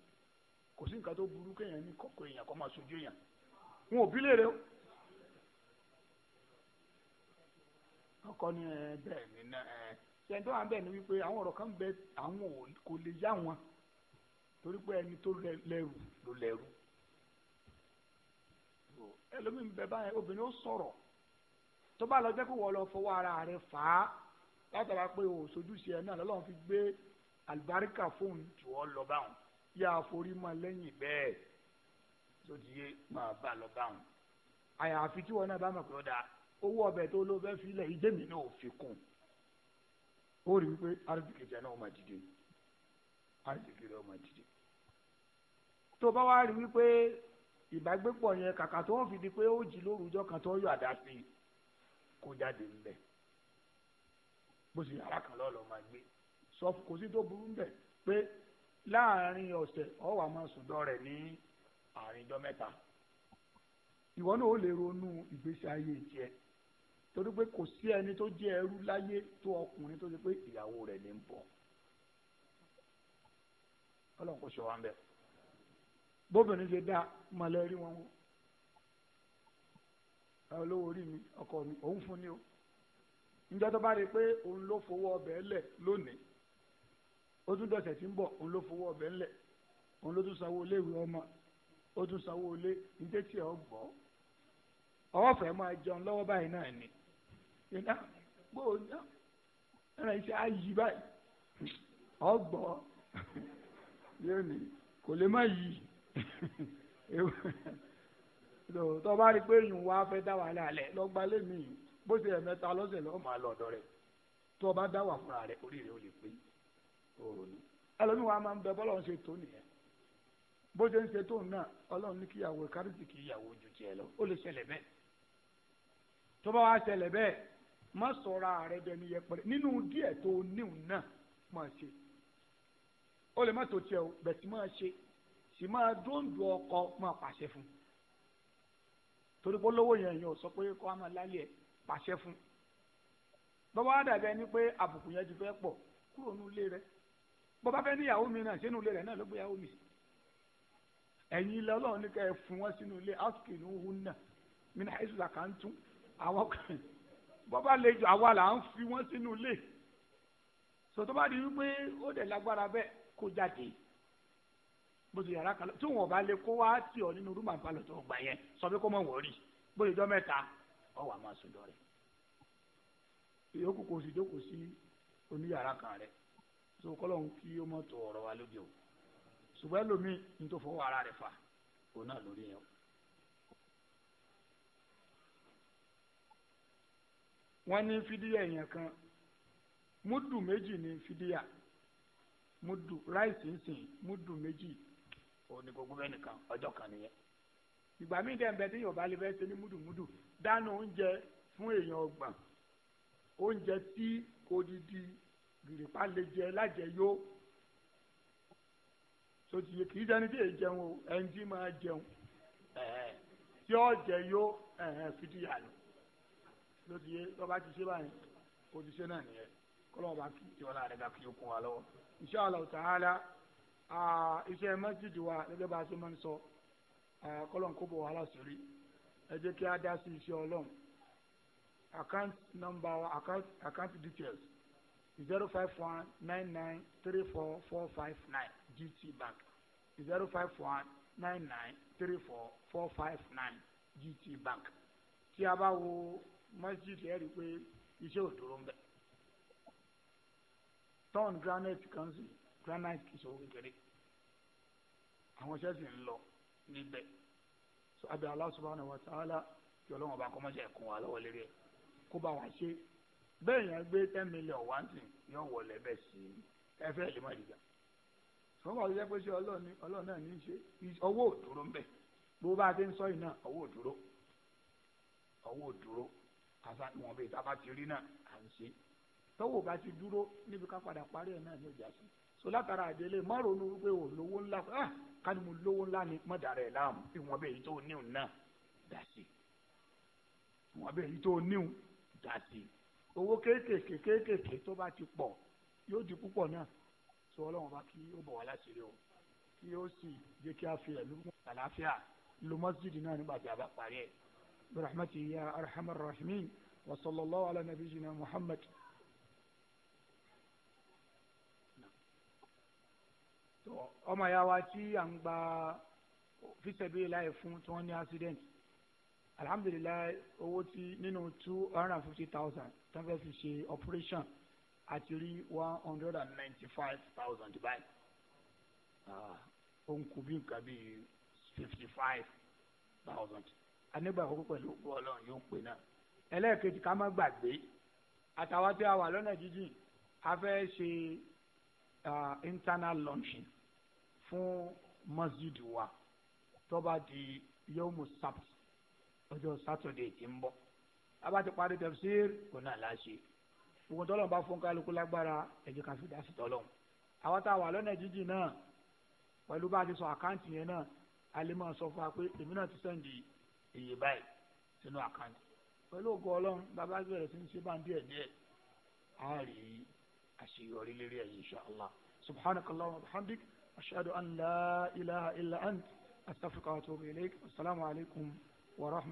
B: kò sí nǹkan tó burú kéèyàn ní èèyàn máa sojú èèyàn wọn ò bí léèrè o. ọkọ ni ẹ bẹ́ẹ̀ ni ẹ ṣe tó wà ń bẹ̀ ni wípé àwọn ọ̀rọ̀ kan bẹ àwọn kò lè yá wọn torí pé ẹni tó lẹ́rù ló ẹlòmíín bẹ obìnrin ó tó bá lọ jẹ́ kó wọ́n lọ fọwọ́ ara rẹ̀ fà á látara pé o sojúṣe ẹ̀ náà lọ́lọ́run fi gbé àlùbáríkà fóun jù ọ́ lọ báwọn yá àforí mọ́ lẹ́yìn bẹ́ẹ̀ tó ti yé máa bá lọ báwọn. àyàfi tí wọn náà bá mọ̀ pé ó dáa owó ọbẹ̀ tó ló fẹ́ filẹ̀ ìdé mi náà ò fi kún ó rí wípé arzikì jẹ náà ó máa dìde rẹ ó máa tó bá wá rí wípé ìbágbépọ̀ yẹn kàkà tó ń fi di pé ó jí lórúkọ kan tó yọ àdá sí i kó jáde ńbẹ bó sì yàrá kan lọ́ọ́ lọ́ọ́ máa gbé sọ kò sí tó burú ńbẹ pé láàrin ọ̀sẹ̀ ọ wà máa sùn dọ́rẹ̀ ní àárín ọjọ́ mẹ́ta ìwọ náà ó lè ronú ìgbésí ayé tiẹ̀ torí pé kò sí ẹni tó jẹ́ ẹrú láyé tó ọkùnrin tó ṣe pé ìyàwó rẹ̀ ní ń bọ̀ ọlọ́run kò ṣe wá ń bẹ̀ bóbìnrin ṣe dá mọ̀lẹ́rí wọn wọ́n olówó orí mi ọkọ mi òun fún ni o ǹjọ́ tó bá rí i pé òun ló fowó ọbẹ̀ lẹ̀ lónìí ó tún dọ̀sẹ̀ tí ń bọ̀ òun ló fowó ọbẹ̀ lẹ̀ òun ló tún sanwó ilé ìwé ọmọ ó tún sanwó ilé níjẹ́ tí ẹ̀ gbọ́ ọwọ́ fẹ́ máa jẹun lọ́wọ́ báyìí náà ni ìná gbòó ná ẹ̀rọ iṣẹ́ ayí báyìí ọ́ gbọ́ yóò ní kò lè má yí. tó bá rí i pé yùn wá fẹ́ dá wàhálà alẹ̀ lọ́gbà lẹ́mí bó ṣe ẹ̀mẹ́ta lọ́sẹ̀ lọ́ọ́ máa lọ ọ̀dọ̀ rẹ̀ tó bá dá wà fúnra rẹ̀ orí rẹ̀ ó lè pé òòrùn ẹlòmíwàá máa ń bẹ bọ́lọ̀ ń ṣe tó nìyẹn bó ṣe ń ṣe tóun náà ọlọ́run ní kíyàwó kárìsì kì í yàwó ju tiẹ̀ lọ ó lè ṣẹlẹ̀ bẹ́ẹ̀ tó bá wá ṣẹlẹ̀ bẹ́ẹ̀ má sọ̀rọ̀ ààrẹ dẹni yẹpẹrẹ nínú díẹ̀ tó níwò náà máa ṣe ó lè má tó tiẹ̀ o bẹ̀ sí máa ṣe sì máa dóńdó ọkọ máa pàṣẹ fún un torí pé olówó yẹn yẹn ò sọ pé kó wá máa lálẹ́ ẹ̀ pàṣẹ fún bọ́bá wá dàbẹ́ ni pé àbùkù yẹn ti fẹ́ pọ̀ kúrò nínú ilé rẹ̀ bọ́bá fẹ́ níyàwó mi náà sínú ilé rẹ̀ náà ló gbé yàwó mi ẹ̀yin ilé ọlọ́run ní ká ẹ fún wọn sínú ilé áṣìkìlú hun náà mina ẹ̀sùn là kà ń tún àwọn kan bọ́bá lè jọ àwa là ń fi wọn sínú ilé sọtọ́ bá di wípé ó dẹ̀ lágbára bẹ́ẹ̀ kó jáde. So, bó yàrá kan tí wọn bá lè kó wá ọ nínú rúmà palọ tó gbà yẹn sọ pé kó mọ wọrí bó ọ wà máa sùn dọrẹ ìyókù kò sì jókòó sí oníyàrá kan rẹ so kọlọ ń kí ó wa lóde o ṣùgbọ́n ẹlòmíì ní tó ara fà náà lórí yẹn o. ní fídíà kan múdù méjì ní fídíà òní gbogbo bẹ́ẹ̀ nìkan ọjọ́ kan nìyẹn. ìgbà míì dẹ̀ ń bẹ tí yorùbá lè fẹ́ ṣe ní múdùmúdù dáná oúnjẹ fún èèyàn ọgbà oúnjẹ tí odidi gìrìpá lè jẹ lájẹ yó sotiye kì í sẹni tí èyí jẹun o ẹni tí máa jẹun tí ó jẹ yó fìdíyà ni sotiye lọba ti ṣe báyìí o ṣe náà nìyẹn kọlọ́wọ́ bá kí ìjọba rẹ̀ ga kí o kún wa lọ́wọ́ inṣàlá ta'ala iṣẹ́ masjid wa gẹ́gẹ́ bá a ṣe máa ń sọ kọ́lọ̀ kó bọ̀ wàhálà sórí ẹ jẹ́ kí a dá sí iṣẹ́ ọlọ́run account number wa account account details zero five one nine nine three four four five nine GT Bank zero five one nine nine three four four five nine GT Bank tí a bá wo masjid ẹ rí i pé iṣẹ́ òdòdó ń bẹ tọ́ọ̀nù granite kan sí i granite kì í sọ kékeré àwọn ṣẹ́ẹ̀sì ń lọ níbẹ̀ so abẹ́ Allah subhanahu wa ta'ala kí ọlọ́run ọba kọ́mọ́ṣẹ́ ẹ̀kún wa lọ́wọ́ lérí ẹ̀ kó bá wa ṣe be. yẹn gbé ten million wá sí yọ wọlé bẹ́ẹ̀ sí ẹ fẹ́ lè má dìgbà sọ́wọ́ ọ̀rọ̀ yẹ pé ṣé ọlọ́run náà ní í ṣe ọwọ́ òdúró ń bẹ̀ bó bá a ti ń sọ yìí náà ọwọ́ òdúró ọwọ́ òdúró àṣà ìwọ̀n bíi tá a bá ti rí náà à ń ṣe tọ́wọ́ bá ti dúró níbi ká padà parí ẹ̀ náà ní ìjà sí i so látara àjẹlé má ronú wípé o lówó ńlá fún ah kánú mo lówó ńlá ni má dàrẹ ẹ láàmú ìwọ̀n bẹ́ẹ̀ yìí tó níhùn náà dà sí ìwọ̀n bẹ́ẹ̀ yìí tó níhùn dà sí owó kéékèèké kéékèèké tó bá ti pọ̀ yóò di púpọ̀ náà so ọlọ́run bá kí ó bọ̀ wá láṣìírí o kí ó sì jẹ́ kí a fi ẹ̀lú àlàáfíà lo masjid náà nígbà tí a bá parí ẹ̀. bi rahmatihi ya arhamar rahimin wa sallallahu ala nabiyyina muhammad. ọmọ ìyá wa tí à ń gba fisẹ̀bí láì fún tí wọ́n ní accident alhamdulilayi owó tí nínú two hundred and fifty thousand tí wọ́n fẹ́ fi ṣe operation àti rí one hundred and ninety five thousand báyìí òun ah, kù bí nǹkan bíi fifty five thousand anigba àkókò pẹ̀lú òkú ọlọ́run yóò pè náà ẹlẹ́ẹ̀kejì ká má gbàgbé àtàwọn tí a wà lọ́nà jíjìn a fẹ́ ṣe ah, internal launching fún masjid wa tó bá di yawmu sabt ọjọ́ sátọ̀dẹ̀ tí ń bọ̀ tábà ti parí tafsir kò náà láṣẹ gbogbo tọ́lọ̀ bá fún kálukú lágbára ẹ̀jẹ̀ ká fi dásì tọ́lọ̀ àwọn tá a wà lọ́nà jíjìn náà pẹ̀lú bá a ti sọ àkáǹtì yẹn náà a lè máa sọ fún wa pé èmi náà ti sẹ́ǹdì èyí báyìí sínú àkáǹtì pẹ̀lú ògo ọlọ́run bàbá bẹ̀rẹ̀ sí ní ṣe bá ń díẹ̀ díẹ̀ á rí àṣeyọrí lérí ẹ̀yìn insha Allah subhanakallah wa bihamdik. أشهد أن لا إله إلا أنت أستغفرك وأتوب إليك والسلام عليكم ورحمة